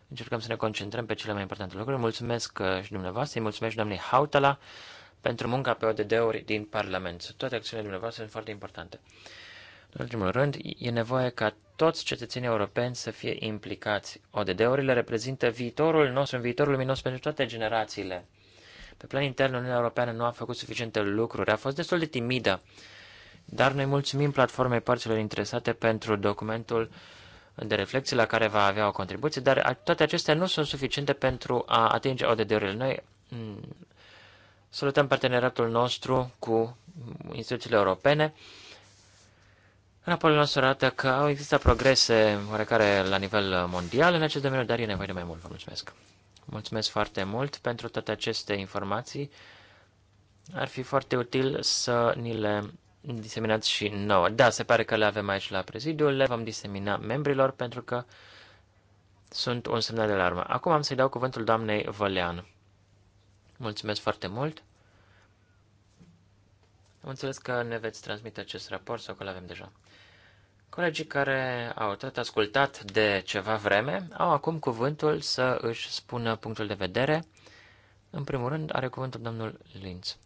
Încercăm să ne concentrăm pe cele mai importante lucruri. Mulțumesc uh, și dumneavoastră, îi mulțumesc doamnei Hautala pentru munca pe ODD-uri din Parlament. Toate acțiunile dumneavoastră sunt foarte importante. În ultimul rând, e nevoie ca toți cetățenii europeni să fie implicați. ODD-urile reprezintă viitorul nostru, viitorul luminos pentru toate generațiile pe plan intern, Uniunea Europeană nu a făcut suficiente lucruri, a fost destul de timidă, dar noi mulțumim platformei părților interesate pentru documentul de reflexie la care va avea o contribuție, dar toate acestea nu sunt suficiente pentru a atinge ODD-urile. Noi mm, salutăm parteneratul nostru cu instituțiile europene. Raportul nostru arată că au existat progrese oarecare la nivel mondial în acest domeniu, dar e nevoie de mai mult. Vă mulțumesc! Mulțumesc foarte mult pentru toate aceste informații. Ar fi foarte util să ni le diseminați și nouă. Da, se pare că le avem aici la prezidiu, le vom disemina membrilor pentru că sunt un semnal de alarmă. Acum am să-i dau cuvântul doamnei Vălean. Mulțumesc foarte mult. Am înțeles că ne veți transmite acest raport sau că l avem deja. Colegii care au tot ascultat de ceva vreme au acum cuvântul să își spună punctul de vedere. În primul rând are cuvântul domnul Linz.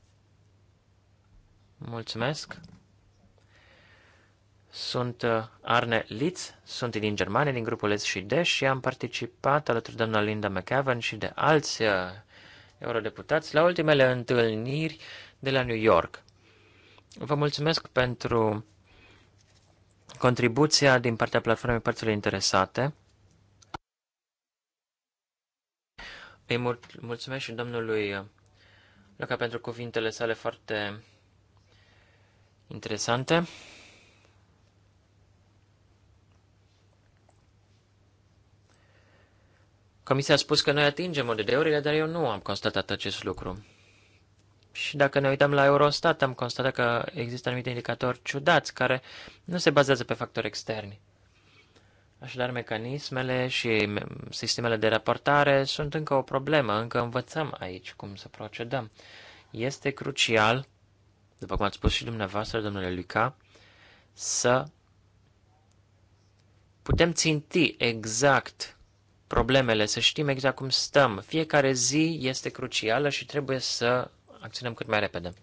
Mulțumesc. Sunt uh, Arne Litz, sunt din Germania, din grupul S și D și am participat alături de doamna Linda McAvan și de alți uh, eurodeputați la ultimele întâlniri de la New York. Vă mulțumesc pentru contribuția din partea platformei părților interesate. Îi mul mulțumesc și domnului Luca pentru cuvintele sale foarte interesante. Comisia a spus că noi atingem de urile dar eu nu am constatat acest lucru. Și dacă ne uităm la Eurostat, am constatat că există anumite indicatori ciudați care nu se bazează pe factori externi. Așadar, mecanismele și sistemele de raportare sunt încă o problemă, încă învățăm aici cum să procedăm. Este crucial, după cum ați spus și dumneavoastră, domnule Luca, să putem ținti exact problemele, să știm exact cum stăm. Fiecare zi este crucială și trebuie să acționăm cât mai repede.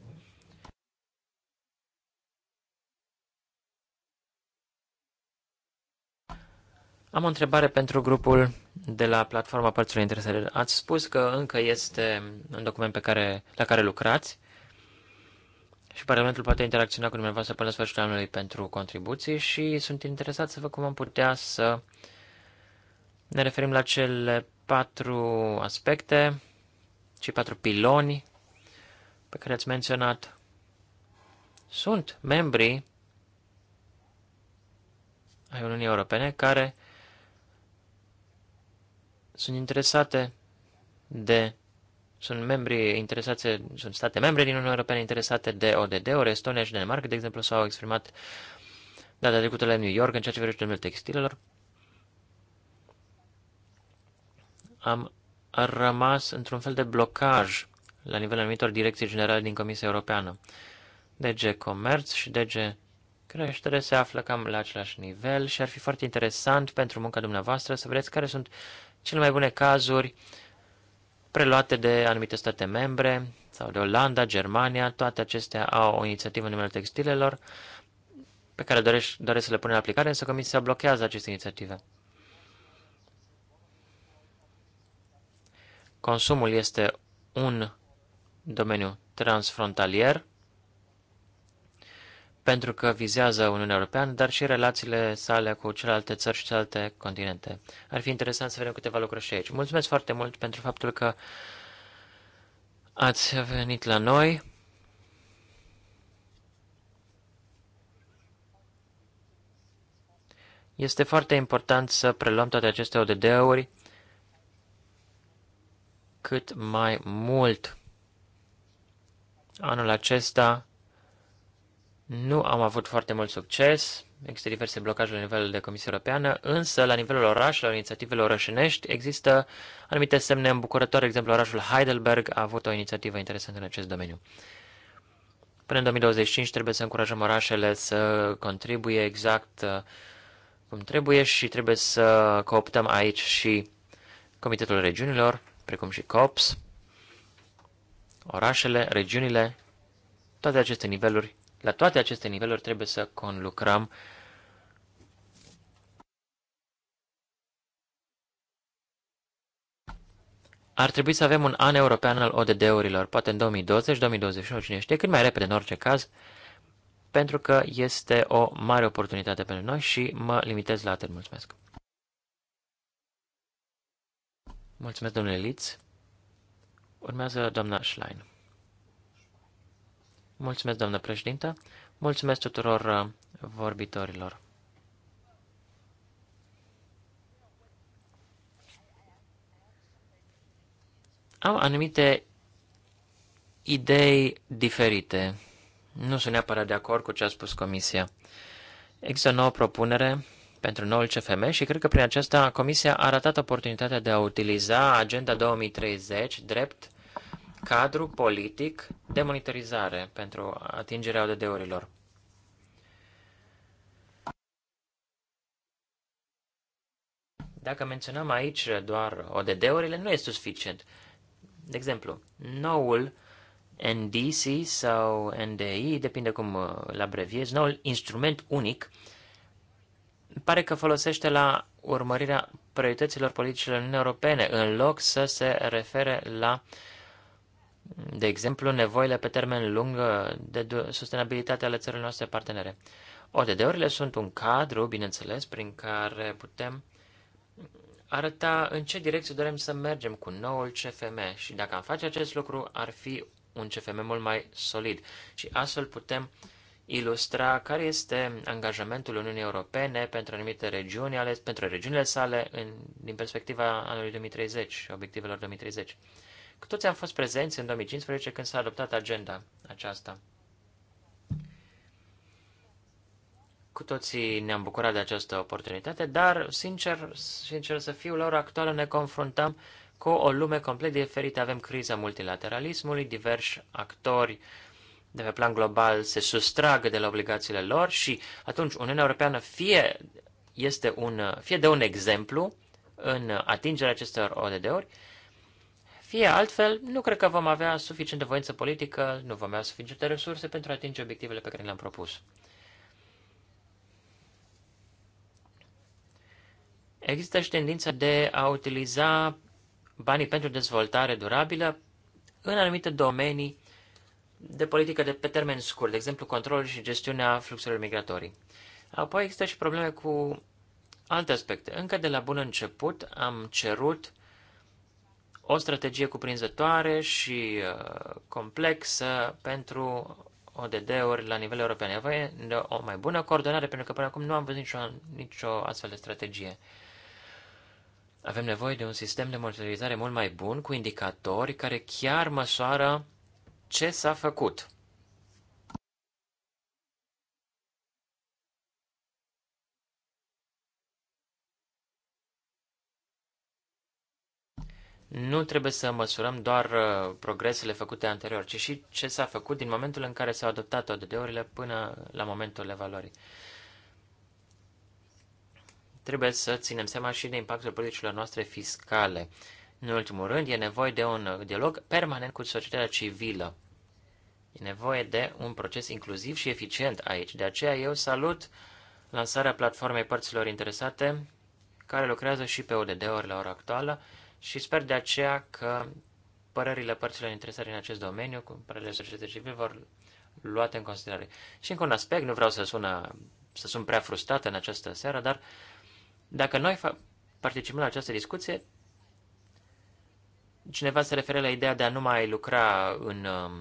Am o întrebare pentru grupul de la platforma părților interesele. Ați spus că încă este un document pe care, la care lucrați și Parlamentul poate interacționa cu dumneavoastră până la sfârșitul anului pentru contribuții și sunt interesat să văd cum am putea să ne referim la cele patru aspecte, cei patru piloni pe care ați menționat sunt membrii ai Uniunii Europene care sunt interesate de sunt membri interesate, sunt state membre din Uniunea Europeană interesate de odd ori Estonia și Danemarca, de exemplu, s-au exprimat data trecută la New York în ceea ce privește domeniul textilelor. Am rămas într-un fel de blocaj la nivelul anumitor direcții generale din Comisia Europeană. DG Comerț și DG Creștere se află cam la același nivel și ar fi foarte interesant pentru munca dumneavoastră să vedeți care sunt cele mai bune cazuri preluate de anumite state membre sau de Olanda, Germania, toate acestea au o inițiativă în numele textilelor pe care doresc, doresc să le pună în aplicare, însă Comisia blochează aceste inițiative. Consumul este un în domeniu transfrontalier, pentru că vizează Uniunea Europeană, dar și relațiile sale cu celelalte țări și celelalte continente. Ar fi interesant să vedem câteva lucruri și aici. Mulțumesc foarte mult pentru faptul că ați venit la noi. Este foarte important să preluăm toate aceste ODD-uri cât mai mult. Anul acesta nu am avut foarte mult succes, există diverse blocaje la nivel de Comisie Europeană, însă la nivelul orașelor, inițiativele orășenești, există anumite semne îmbucurătoare. exemplu, orașul Heidelberg a avut o inițiativă interesantă în acest domeniu. Până în 2025 trebuie să încurajăm orașele să contribuie exact uh, cum trebuie și trebuie să cooptăm aici și Comitetul Regiunilor, precum și COPS, orașele, regiunile, toate aceste niveluri, la toate aceste niveluri trebuie să conlucrăm Ar trebui să avem un an european al ODD-urilor, poate în 2020, 2021, cine știe, cât mai repede în orice caz, pentru că este o mare oportunitate pentru noi și mă limitez la atât. Mulțumesc! Mulțumesc, domnule Liț! Urmează doamna Schlein. Mulțumesc, doamnă președintă. Mulțumesc tuturor uh, vorbitorilor. Am anumite idei diferite. Nu sunt neapărat de acord cu ce a spus Comisia. Există o nouă propunere pentru noul CFM și cred că prin aceasta Comisia a arătat oportunitatea de a utiliza Agenda 2030 drept cadru politic de monitorizare pentru atingerea ODD-urilor. Dacă menționăm aici doar ODD-urile, nu este suficient. De exemplu, noul NDC sau NDI, depinde cum îl abreviez, noul instrument unic uh, pare că folosește la urmărirea priorităților politicilor Uniunii Europene, în loc să se refere la, de exemplu, nevoile pe termen lung de sustenabilitate ale țărilor noastre partenere. ODD-urile sunt un cadru, bineînțeles, prin care putem arăta în ce direcție dorem să mergem cu noul CFM și dacă am face acest lucru, ar fi un CFM mult mai solid și astfel putem uh, ilustra care este angajamentul Uniunii Europene pentru anumite regiuni, ales pentru regiunile sale, în, din perspectiva anului 2030, obiectivelor 2030. Cu toți am fost prezenți în 2015 când s-a adoptat agenda aceasta. Cu toții ne-am bucurat de această oportunitate, dar, sincer, sincer să fiu, la ora actuală ne confruntăm cu o lume complet diferită. Avem criza multilateralismului, diversi actori uh, de pe plan global se sustragă de la obligațiile lor și atunci Uniunea Europeană fie, este un, fie de un exemplu în atingerea acestor ODD-uri, fie altfel, nu cred că vom avea suficientă voință politică, nu vom avea suficiente resurse pentru a atinge obiectivele pe care le-am propus. Există și tendința de a utiliza banii pentru dezvoltare durabilă în anumite domenii de politică de pe termen scurt, de exemplu controlul și gestiunea fluxurilor migratorii. Apoi există și probleme cu alte aspecte. Încă de la bun început am cerut o strategie cuprinzătoare și uh, complexă pentru ODD-uri la nivel european. E nevoie de o mai bună coordonare, pentru că până acum nu am văzut nicio, nicio astfel de strategie. Avem nevoie de un sistem de monitorizare mult mai bun, cu indicatori care chiar măsoară ce s-a făcut? Nu trebuie să măsurăm doar uh, progresele făcute anterior, ci și ce s-a făcut din momentul în care s-au adoptat ODD-urile până la momentul evaluării. Trebuie să ținem seama și de impactul politicilor noastre fiscale. În ultimul rând, e nevoie de un dialog permanent cu societatea civilă. E nevoie de un proces inclusiv și eficient aici. De aceea eu salut lansarea platformei părților interesate care lucrează și pe ODD-uri la ora actuală și sper de aceea că părerile părților interesate în acest domeniu, cu părerile societății civile, vor luate în considerare. Și încă un aspect, nu vreau să, sună, să sunt prea frustrat în această seară, dar dacă noi participăm la această discuție, cineva se referă la ideea de a nu mai lucra în um,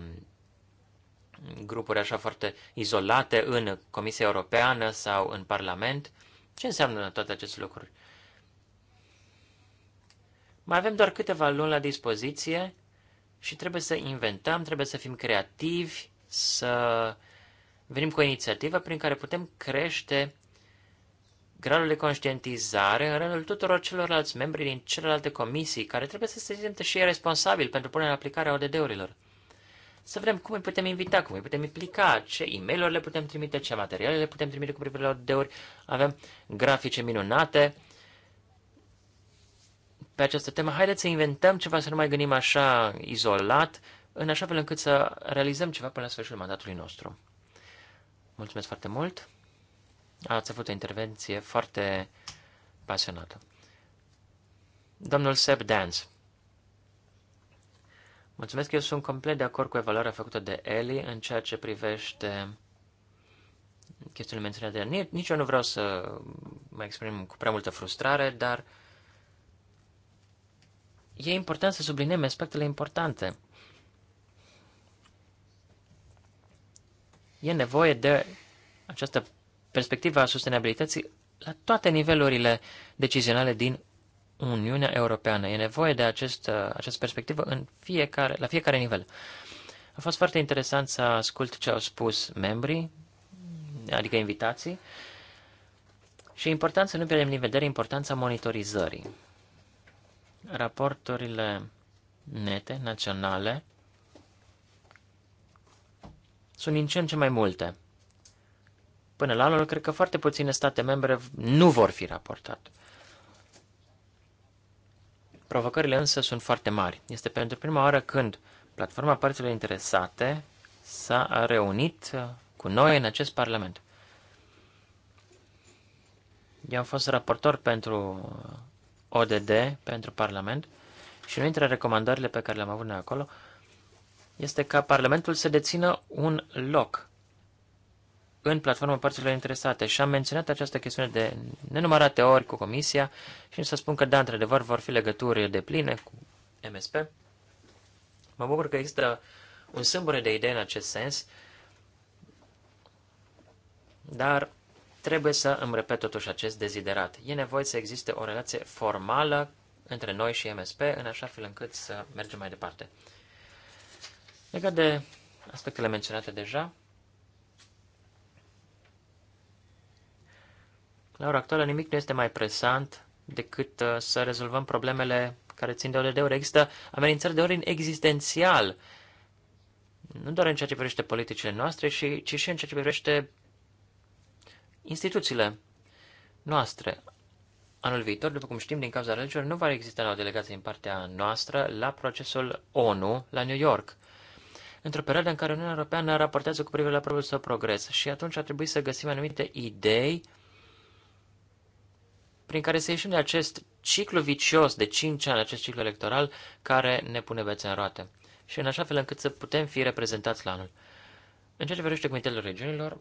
grupuri așa foarte izolate în Comisia Europeană sau în Parlament. Ce înseamnă toate aceste lucruri? Mai avem doar câteva luni la dispoziție și trebuie să inventăm, trebuie să fim creativi, să venim cu o inițiativă prin care putem crește gradul de conștientizare în rândul tuturor celorlalți membri din celelalte comisii, care trebuie să se simtă și ei responsabili pentru punerea în aplicare a ODD-urilor să vedem cum îi putem invita, cum îi putem implica, ce e mail le putem trimite, ce materiale le putem trimite cu privire la ori Avem grafice minunate pe această temă. Haideți să inventăm ceva, să nu mai gândim așa izolat, în așa fel încât să realizăm ceva până la sfârșitul mandatului nostru. Mulțumesc foarte mult! Ați avut o intervenție foarte pasionată. Domnul Seb Dance. Mulțumesc, eu sunt complet de acord cu evaluarea făcută de Eli în ceea ce privește chestiunile menționate Nici eu nu vreau să mă exprim cu prea multă frustrare, dar e important să subliniem aspectele importante. E nevoie de această perspectivă a sustenabilității la toate nivelurile decizionale din Uniunea Europeană. E nevoie de acest, uh, această perspectivă în fiecare, la fiecare nivel. A fost foarte interesant să ascult ce au spus membrii, adică invitații, și e important să nu pierdem din vedere importanța monitorizării. Raporturile nete, naționale, sunt din ce în ce mai multe. Până la anul, cred că foarte puține state membre nu vor fi raportate. Provocările însă sunt foarte mari. Este pentru prima oară când platforma părților interesate s-a reunit uh, cu noi în acest Parlament. Eu am fost raportor pentru uh, ODD, pentru Parlament, și unul dintre recomandările pe care le-am avut noi acolo este ca Parlamentul să dețină un loc în platforma părților interesate și am menționat această chestiune de nenumărate ori cu Comisia și să spun că, da, într-adevăr, vor fi legături de pline cu MSP. Mă bucur că există un sâmbure de idei în acest sens, dar trebuie să îmi repet totuși acest deziderat. E nevoie să existe o relație formală între noi și MSP, în așa fel încât să mergem mai departe. Legat de aspectele menționate deja, La ora actuală nimic nu este mai presant decât uh, să rezolvăm problemele care țin de de ori. Există amenințări de ordin existențial, nu doar în ceea ce privește politicile noastre, ci, ci și în ceea ce privește instituțiile noastre. Anul viitor, după cum știm, din cauza alegerilor, nu va exista o delegație din partea noastră la procesul ONU la New York într-o perioadă în care Uniunea Europeană raportează cu privire la propriul său progres și atunci ar trebui să găsim anumite idei prin care să ieșim de acest ciclu vicios de 5 ani, acest ciclu electoral care ne pune bețe în roate și în așa fel încât să putem fi reprezentați la anul. În ceea ce vorbește Comitetul Regiunilor,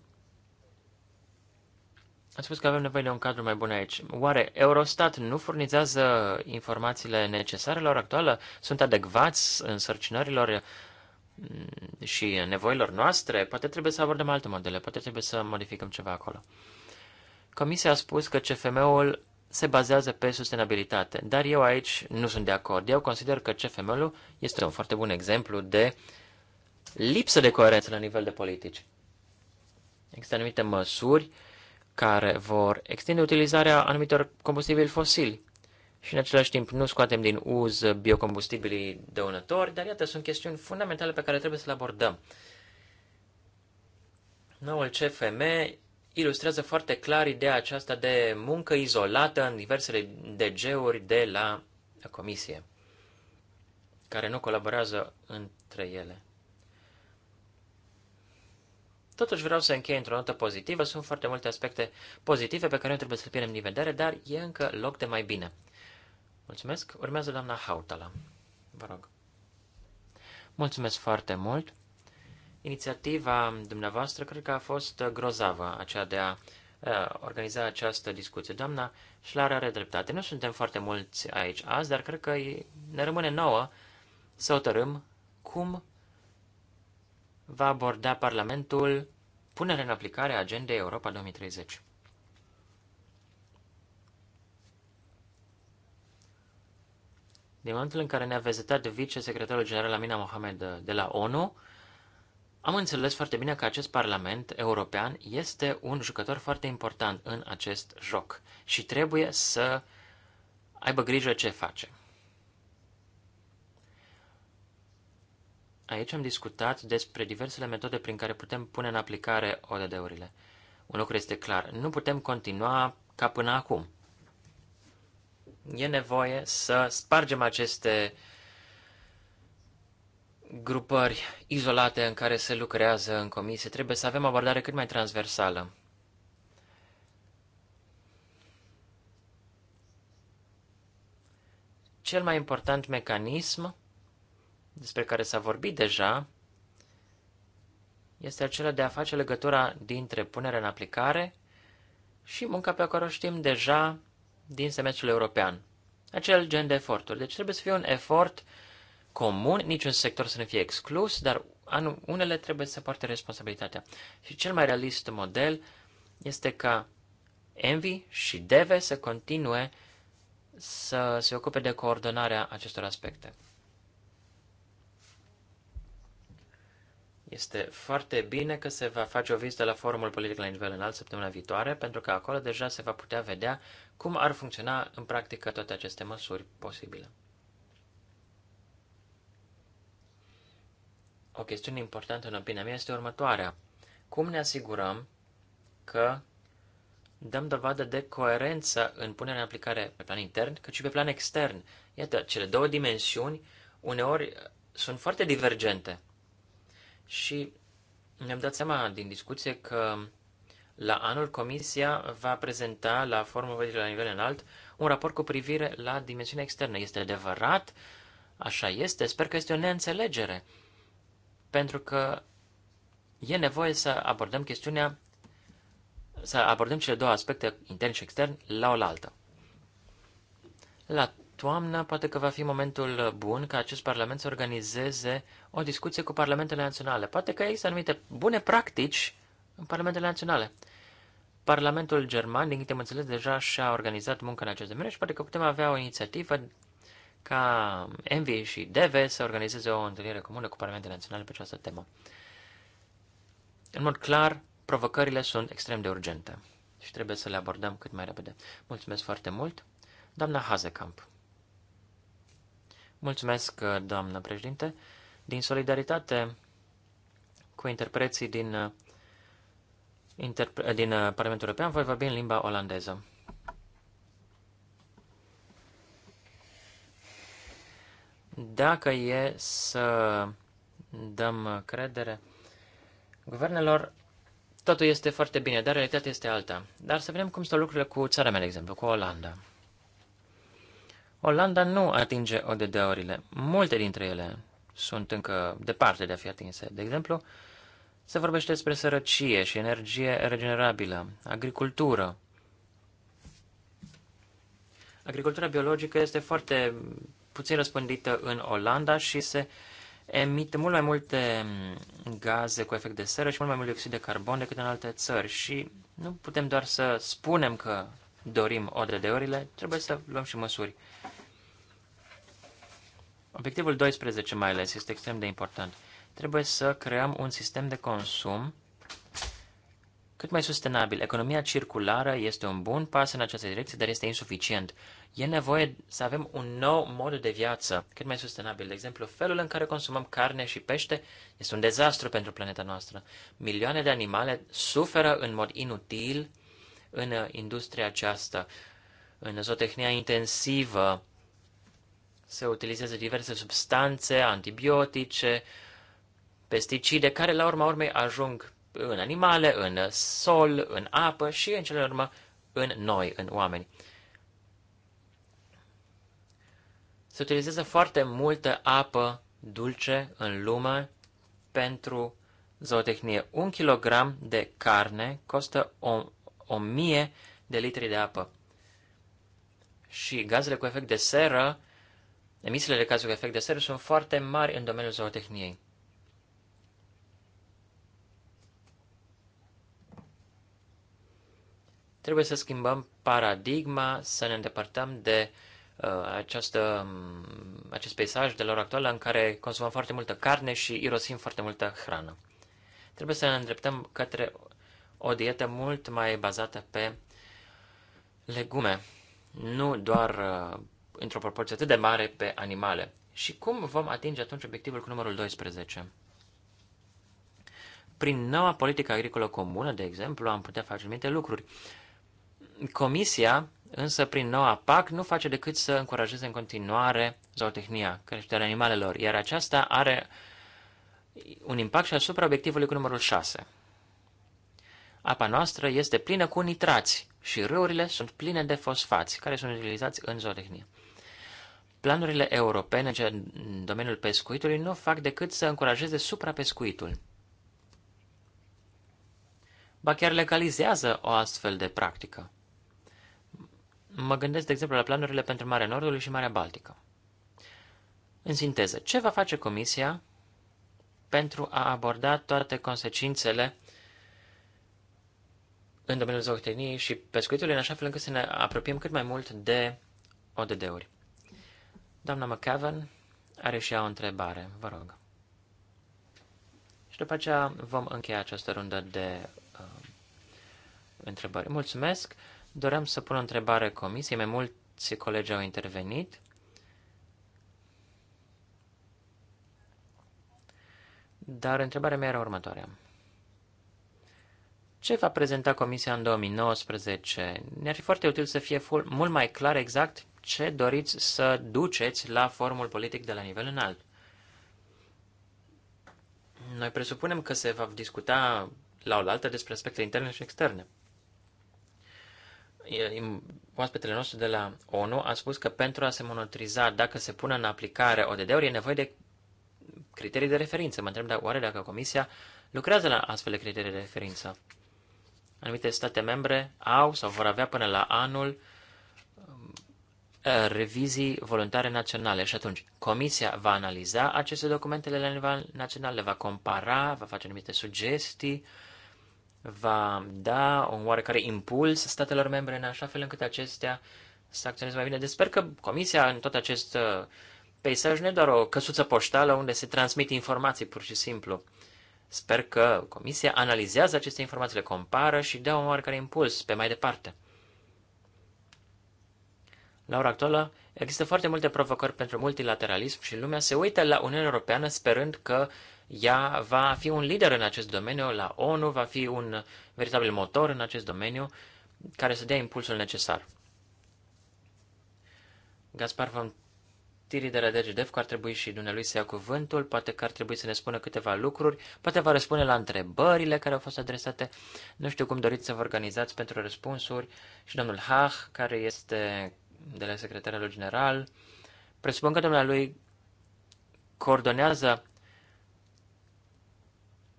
ați spus că avem nevoie de un cadru mai bun aici. Oare Eurostat nu furnizează informațiile necesare la ora actuală? Sunt adecvați însărcinărilor mm, și nevoilor noastre? Poate trebuie să abordăm alte modele, poate trebuie să modificăm ceva acolo. Comisia a spus că CFM-ul se bazează pe sustenabilitate. Dar eu aici nu sunt de acord. Eu consider că cfml ul este un foarte bun exemplu de lipsă de coerență la nivel de politici. Există anumite măsuri care vor extinde utilizarea anumitor combustibili fosili. Și în același timp nu scoatem din uz biocombustibilii dăunători, dar iată, sunt chestiuni fundamentale pe care trebuie să le abordăm. Noul CFM ilustrează foarte clar ideea aceasta de muncă izolată în diversele DG-uri de la comisie, care nu colaborează între ele. Totuși vreau să închei într-o notă pozitivă. Sunt foarte multe aspecte pozitive pe care nu trebuie să le pierdem din vedere, dar e încă loc de mai bine. Mulțumesc. Urmează doamna Hautala. Vă rog. Mulțumesc foarte mult. Inițiativa dumneavoastră cred că a fost uh, grozavă, aceea de a uh, organiza această discuție. Doamna Șlar are dreptate. Nu suntem foarte mulți aici azi, dar cred că ne rămâne nouă să hotărâm cum va aborda Parlamentul punerea în aplicare a agendei Europa 2030. Din momentul în care ne-a vizitat vicesecretarul general Amina Mohamed uh, de la ONU, am înțeles foarte bine că acest Parlament European este un jucător foarte important în acest joc și trebuie să aibă grijă ce face. Aici am discutat despre diversele metode prin care putem pune în aplicare ODD-urile. Un lucru este clar, nu putem continua ca până acum. E nevoie să spargem aceste uh, grupări izolate în care se lucrează în comisie. Trebuie să avem abordare cât mai transversală. Cel mai important mecanism despre care s-a vorbit deja este acela de a face legătura dintre punerea în aplicare și munca pe care o știm deja din semestrul european. Acel gen de eforturi. Deci trebuie să fie un efort uh, comun, niciun sector să nu fie exclus, dar unele trebuie să poarte responsabilitatea. Și cel mai realist model este ca Envy și Deve să continue să se ocupe de coordonarea acestor aspecte. Este foarte bine că se va face o vizită la forumul politic la nivel înalt săptămâna viitoare, pentru că acolo deja se va putea vedea cum ar funcționa în practică toate aceste măsuri posibile. O chestiune importantă, în opinia mea, este următoarea. Cum ne asigurăm că dăm dovadă de coerență în punerea în aplicare pe plan intern, cât și pe plan extern? Iată, cele două dimensiuni uneori sunt foarte divergente. Și ne-am dat seama din discuție că la anul Comisia va prezenta la formă de la nivel înalt un raport cu privire la dimensiunea externă. Este adevărat? Așa este? Sper că este o neînțelegere pentru că e nevoie să abordăm chestiunea, să abordăm cele două aspecte, intern și extern, la oaltă. La toamnă poate că va fi momentul bun ca acest Parlament să organizeze o discuție cu Parlamentele Naționale. Poate că există anumite bune practici în Parlamentele Naționale. Parlamentul German, din câte am înțeles, deja și-a organizat munca în acest domeniu și poate că putem avea o inițiativă ca Envy și DEVE să organizeze o întâlnire comună cu Parlamentele Naționale pe această temă. În mod clar, provocările sunt extrem de urgente și trebuie să le abordăm cât mai repede. Mulțumesc foarte mult, doamna Hazekamp. Mulțumesc, doamnă președinte. Din solidaritate cu interpreții din, uh, interpre, din uh, Parlamentul European, voi vorbi în limba olandeză. Dacă e să dăm credere guvernelor, totul este foarte bine, dar realitatea este alta. Dar să vedem cum stau lucrurile cu țara mea, de exemplu, cu Olanda. Olanda nu atinge ODD-urile. Multe dintre ele sunt încă departe de a fi atinse. De exemplu, se vorbește despre sărăcie și energie regenerabilă, agricultură. Agricultura biologică este foarte puțin răspândită în Olanda și se emite mult mai multe mm, gaze cu efect de seră și mult mai mult dioxid de carbon decât în alte țări. Și nu putem doar să spunem că dorim ODD-urile, trebuie să luăm și măsuri. Obiectivul 12 mai ales este extrem de important. Trebuie să creăm un sistem de consum cât mai sustenabil. Economia circulară este un bun pas în această direcție, dar este insuficient. E nevoie să avem un nou mod de viață, cât mai sustenabil. De exemplu, felul în care consumăm carne și pește este un dezastru pentru planeta noastră. Milioane de animale suferă în mod inutil în industria aceasta, în zootehnia intensivă. Se utilizează diverse substanțe, antibiotice, pesticide, care la urma urmei ajung în animale, în sol, în apă și, în cele urmă, în noi, în oameni. Se utilizează foarte multă apă dulce în lume pentru zootehnie. Un kilogram de carne costă o, o mie de litri de apă. Și gazele cu efect de seră, emisiile de gaze cu efect de seră sunt foarte mari în domeniul zootehniei. Trebuie să schimbăm paradigma, să ne îndepărtăm de uh, Uh, această, um, acest peisaj de la ora actuală în care consumăm foarte multă carne și irosim foarte multă hrană. Trebuie să ne îndreptăm către o dietă mult mai bazată pe legume, nu doar uh, într-o proporție atât de mare pe animale. Și cum vom atinge atunci obiectivul cu numărul 12? Prin noua politică agricolă comună, de exemplu, am putea face multe lucruri. Comisia însă prin noua PAC nu face decât să încurajeze în continuare zootehnia, creșterea animalelor, iar aceasta are un impact și asupra obiectivului cu numărul 6. Apa noastră este plină cu nitrați și râurile sunt pline de fosfați, care sunt utilizați în zootehnie. Planurile europene în domeniul pescuitului nu fac decât să încurajeze suprapescuitul. Ba chiar legalizează o astfel de practică. Mă gândesc, de exemplu, la planurile pentru Marea Nordului și Marea Baltică. În sinteză, ce va face Comisia pentru a aborda toate consecințele în domeniul zootehniei și pescuitului, în așa fel încât să ne apropiem cât mai mult de ODD-uri. Doamna McCavan are și ea o întrebare, vă rog. Și după aceea vom încheia această rundă de uh, întrebări. Mulțumesc! Doream să pun o întrebare comisiei, mai mulți colegi au intervenit. Dar întrebarea mea era următoarea. Ce va prezenta Comisia în 2019? Ne-ar fi foarte util să fie full, mult mai clar exact ce doriți să duceți la formul politic de la nivel înalt. Noi presupunem că se va discuta la oaltă despre aspecte interne și externe oaspetele nostru de la ONU a spus că pentru a se monitoriza dacă se pune în aplicare ODD-uri e nevoie de criterii de referință. Mă întreb dacă, oare dacă Comisia lucrează la astfel de criterii de referință. Anumite state membre au sau vor avea până la anul um, revizii voluntare naționale și atunci Comisia va analiza aceste documentele la nivel național, le va compara, va face anumite sugestii, va da un oarecare impuls statelor membre în așa fel încât acestea să acționeze mai bine. Deci sper că Comisia în tot acest uh, peisaj nu e doar o căsuță poștală unde se transmit informații pur și simplu. Sper că Comisia analizează aceste informații, le compară și dă un oarecare impuls pe mai departe. La ora actuală, există foarte multe provocări pentru multilateralism și lumea se uită la Uniunea Europeană sperând că ea va fi un lider în acest domeniu la ONU, va fi un veritabil motor în acest domeniu care să dea impulsul necesar. Gaspar von Tiri de la DGDF, ar trebui și dumnealui să ia cuvântul, poate că ar trebui să ne spună câteva lucruri, poate va răspunde la întrebările care au fost adresate, nu știu cum doriți să vă organizați pentru răspunsuri, și domnul Hach, care este de la secretarul general, presupun că dumnealui coordonează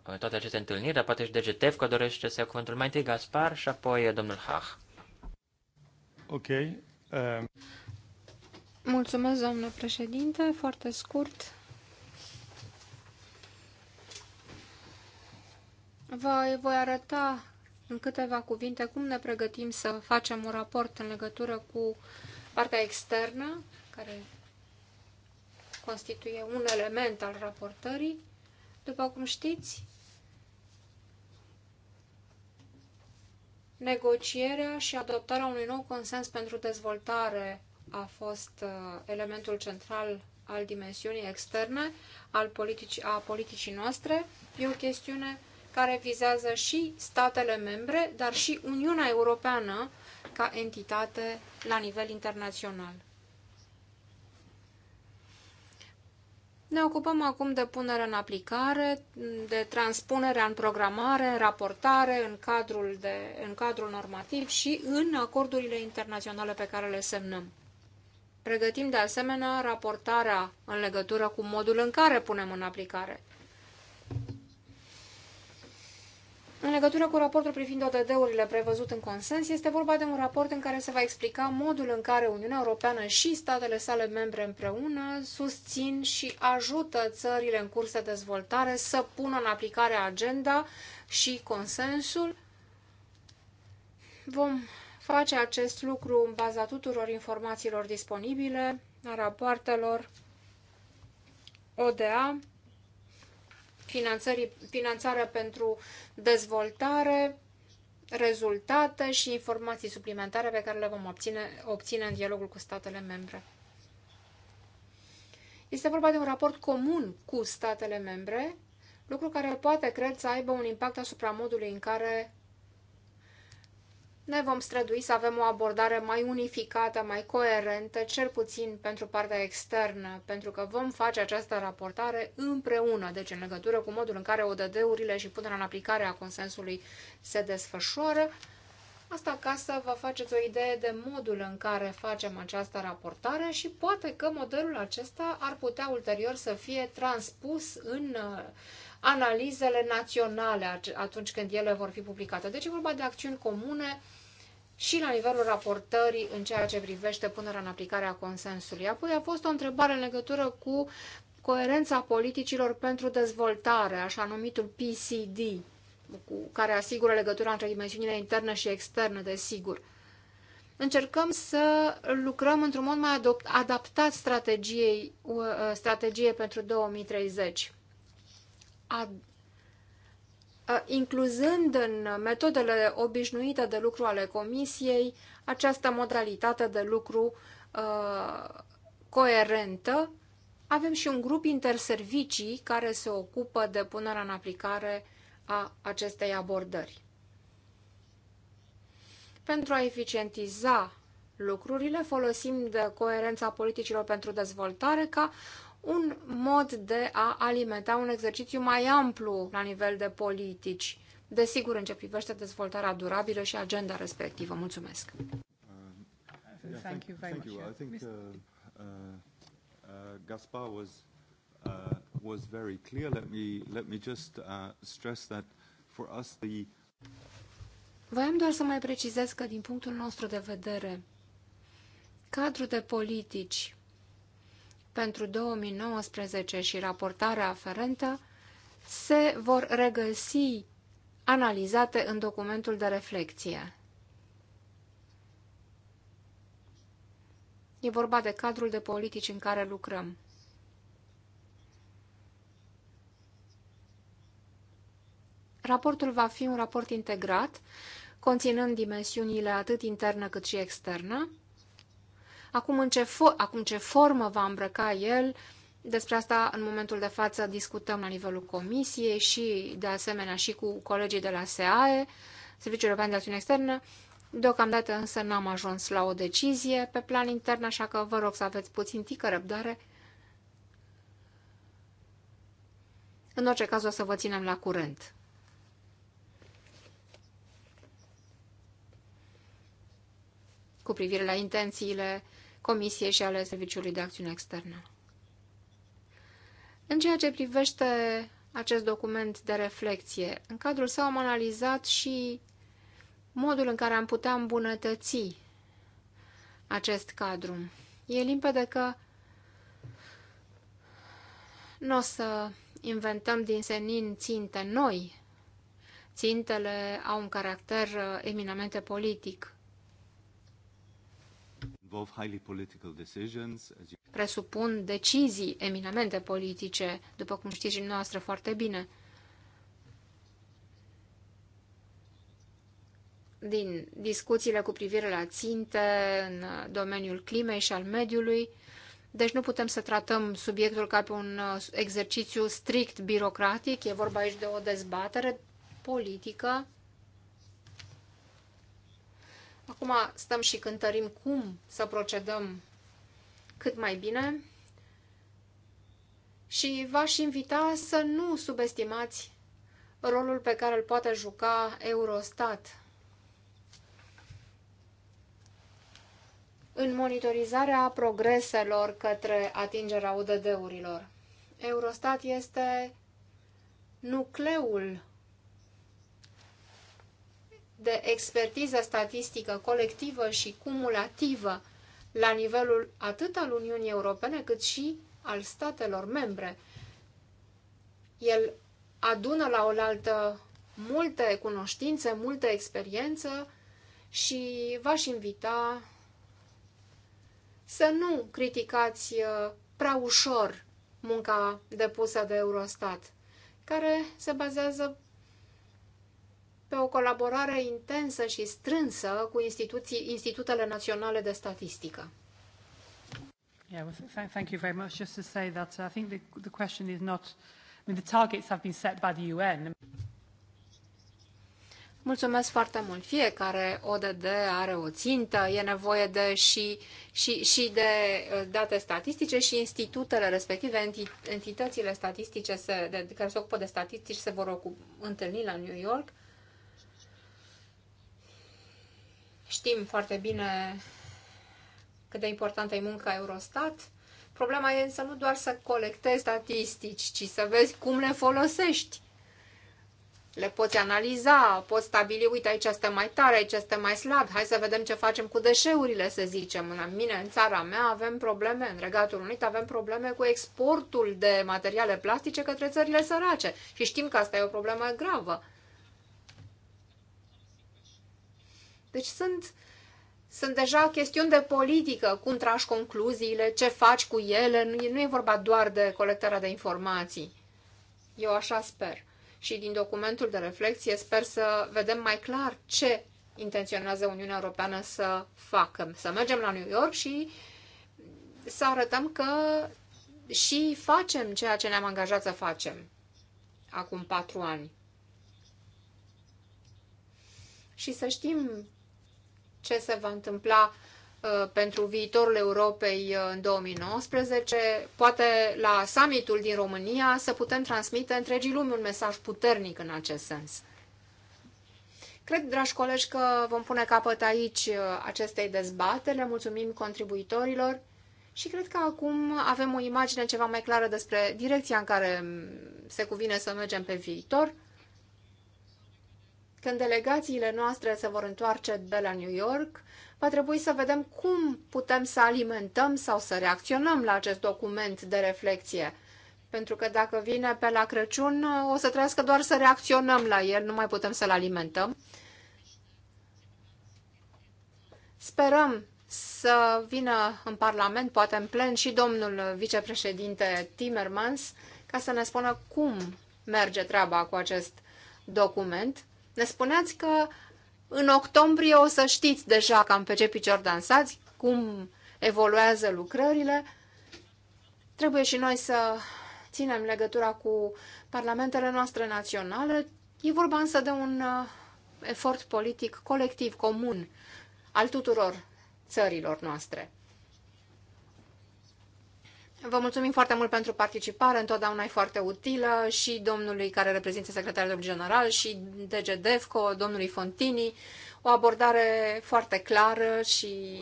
Uh, toate aceste întâlniri, dar poate și DGTF că dorește să ia cuvântul mai întâi Gaspar și apoi uh, domnul Hach. Ok. Uh... Mulțumesc, doamnă președinte. Foarte scurt. Vă voi arăta în câteva cuvinte cum ne pregătim să facem un raport în legătură cu partea externă, care constituie un element al raportării. După cum știți, Negocierea și adoptarea unui nou consens pentru dezvoltare a fost uh, elementul central al dimensiunii externe al politici, a politicii noastre. E o chestiune care vizează și statele membre, dar și Uniunea Europeană ca entitate la nivel internațional. Ne ocupăm acum de punerea în aplicare, de transpunerea în programare, în raportare, în cadrul, de, în cadrul normativ și în acordurile internaționale pe care le semnăm. Pregătim de asemenea raportarea în legătură cu modul în care punem în aplicare În legătură cu raportul privind ODD-urile prevăzut în consens, este vorba de un raport în care se va explica modul în care Uniunea Europeană și statele sale membre împreună susțin și ajută țările în curs de dezvoltare să pună în aplicare agenda și consensul. Vom face acest lucru în baza tuturor informațiilor disponibile, a rapoartelor ODA, finanțarea pentru dezvoltare, rezultate și informații suplimentare pe care le vom obține, obține în dialogul cu statele membre. Este vorba de un raport comun cu statele membre, lucru care poate, cred, să aibă un impact asupra modului în care ne vom strădui să avem o abordare mai unificată, mai coerentă, cel puțin pentru partea externă, pentru că vom face această raportare împreună, deci în legătură cu modul în care ODD-urile și punerea în aplicare a consensului se desfășoară. Asta ca să vă faceți o idee de modul în care facem această raportare și poate că modelul acesta ar putea ulterior să fie transpus în analizele naționale atunci când ele vor fi publicate. Deci e vorba de acțiuni comune și la nivelul raportării în ceea ce privește punerea în aplicare a consensului. Apoi a fost o întrebare în legătură cu coerența politicilor pentru dezvoltare, așa numitul PCD, care asigură legătura între dimensiunile interne și externe, desigur. Încercăm să lucrăm într-un mod mai adaptat strategiei, uh, strategie pentru 2030 a, a, incluzând în metodele obișnuite de lucru ale comisiei această modalitate de lucru a, coerentă, avem și un grup interservicii care se ocupă de punerea în aplicare a acestei abordări. Pentru a eficientiza lucrurile, folosim de coerența politicilor pentru dezvoltare ca un mod de a alimenta un exercițiu mai amplu la nivel de politici, desigur în ce privește dezvoltarea durabilă și agenda respectivă. Mulțumesc! Uh, uh, uh, Gaspar was uh, was very clear. Let me let me just uh, stress that for us the Voiam doar să mai precizez că din punctul nostru de vedere cadrul de politici pentru 2019 și raportarea aferentă se vor regăsi analizate în documentul de reflecție. E vorba de cadrul de politici în care lucrăm. Raportul va fi un raport integrat, conținând dimensiunile atât internă cât și externă, Acum, în ce acum ce formă va îmbrăca el, despre asta în momentul de față discutăm la nivelul comisiei și de asemenea și cu colegii de la SEAE, Serviciul European de Acțiune Externă. Deocamdată însă n-am ajuns la o decizie pe plan intern, așa că vă rog să aveți puțin tică răbdare. În orice caz o să vă ținem la curent. Cu privire la intențiile Comisiei și ale Serviciului de Acțiune Externă. În ceea ce privește acest document de reflexie, în cadrul său am analizat și modul în care am putea îmbunătăți acest cadru. E limpede că nu o să inventăm din senin ținte noi. Țintele au un caracter uh, eminamente politic presupun decizii eminamente politice, după cum știți și noastră foarte bine. Din discuțiile cu privire la ținte în domeniul climei și al mediului, deci nu putem să tratăm subiectul ca pe un uh, exercițiu strict birocratic, e vorba aici de o dezbatere politică Acum stăm și cântărim cum să procedăm cât mai bine și v-aș invita să nu subestimați rolul pe care îl poate juca Eurostat în monitorizarea progreselor către atingerea UDD-urilor. Eurostat este nucleul de expertiză statistică colectivă și cumulativă la nivelul atât al Uniunii Europene cât și al statelor membre. El adună la oaltă multe cunoștințe, multă experiență și v-aș invita să nu criticați uh, prea ușor munca depusă de Eurostat, care se bazează pe o colaborare intensă și strânsă cu instituții, institutele naționale de statistică. Yeah, well, thank you very much. Just to say that uh, I think the, the question is not, I mean, the targets have been set by the UN. Mulțumesc foarte mult. Fiecare ODD are o țintă, e nevoie de și, și, și de uh, date statistice și institutele respective, entitățile statistice se, de, care se ocupă de statistici se vor ocup, întâlni la New York Știm foarte bine cât de importantă e munca Eurostat. Problema e însă nu doar să colectezi statistici, ci să vezi cum le folosești. Le poți analiza, poți stabili, uite, aici este mai tare, aici este mai slab, hai să vedem ce facem cu deșeurile, să zicem. În mine, în țara mea, avem probleme, în Regatul Unit avem probleme cu exportul de materiale plastice către țările sărace. Și știm că asta e o problemă gravă. Deci sunt, sunt deja chestiuni de politică, cum tragi concluziile, ce faci cu ele, nu e, nu e vorba doar de colectarea de informații. Eu așa sper. Și din documentul de reflexie sper să vedem mai clar ce intenționează Uniunea Europeană să facă. Să mergem la New York și să arătăm că și facem ceea ce ne-am angajat să facem acum patru ani. Și să știm ce se va întâmpla uh, pentru viitorul Europei uh, în 2019, poate la summitul din România să putem transmite întregii lumi un mesaj puternic în acest sens. Cred, dragi colegi, că vom pune capăt aici uh, acestei dezbateri. Le mulțumim contribuitorilor și cred că acum avem o imagine ceva mai clară despre direcția în care mm, se cuvine să mergem pe viitor. Când delegațiile noastre se vor întoarce de la New York, va trebui să vedem cum putem să alimentăm sau să reacționăm la acest document de reflexie. Pentru că dacă vine pe la Crăciun, o să trească doar să reacționăm la el, nu mai putem să-l alimentăm. Sperăm să vină în Parlament, poate în plen, și domnul vicepreședinte Timmermans, ca să ne spună cum merge treaba cu acest document ne spuneați că în octombrie o să știți deja cam pe ce picior dansați, cum evoluează lucrările. Trebuie și noi să ținem legătura cu parlamentele noastre naționale. E vorba însă de un uh, efort politic colectiv, comun, al tuturor țărilor noastre. Vă mulțumim foarte mult pentru participare, întotdeauna e foarte utilă și domnului care reprezintă secretarul general și DG DEFCO, domnului Fontini, o abordare foarte clară și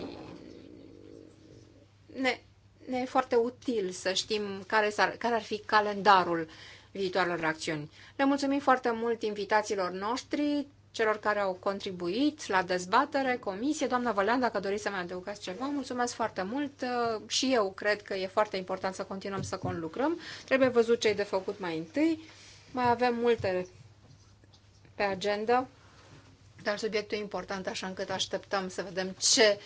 ne, ne e foarte util să știm care, ar care ar fi calendarul viitoarelor acțiuni. Le mulțumim foarte mult invitațiilor noștri celor care au contribuit la dezbatere, comisie. Doamna Valean, dacă doriți să mai adăugați ceva, mulțumesc foarte mult. Uh, și eu cred că e foarte important să continuăm să conlucrăm. Trebuie văzut ce e de făcut mai întâi. Mai avem multe pe agenda, dar subiectul e important, așa încât așteptăm să vedem ce,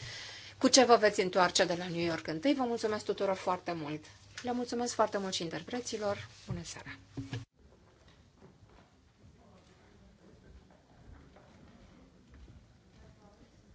cu ce vă veți întoarce de la New York întâi. Vă mulțumesc tuturor foarte mult. Le mulțumesc foarte mult și interpreților. Bună seara!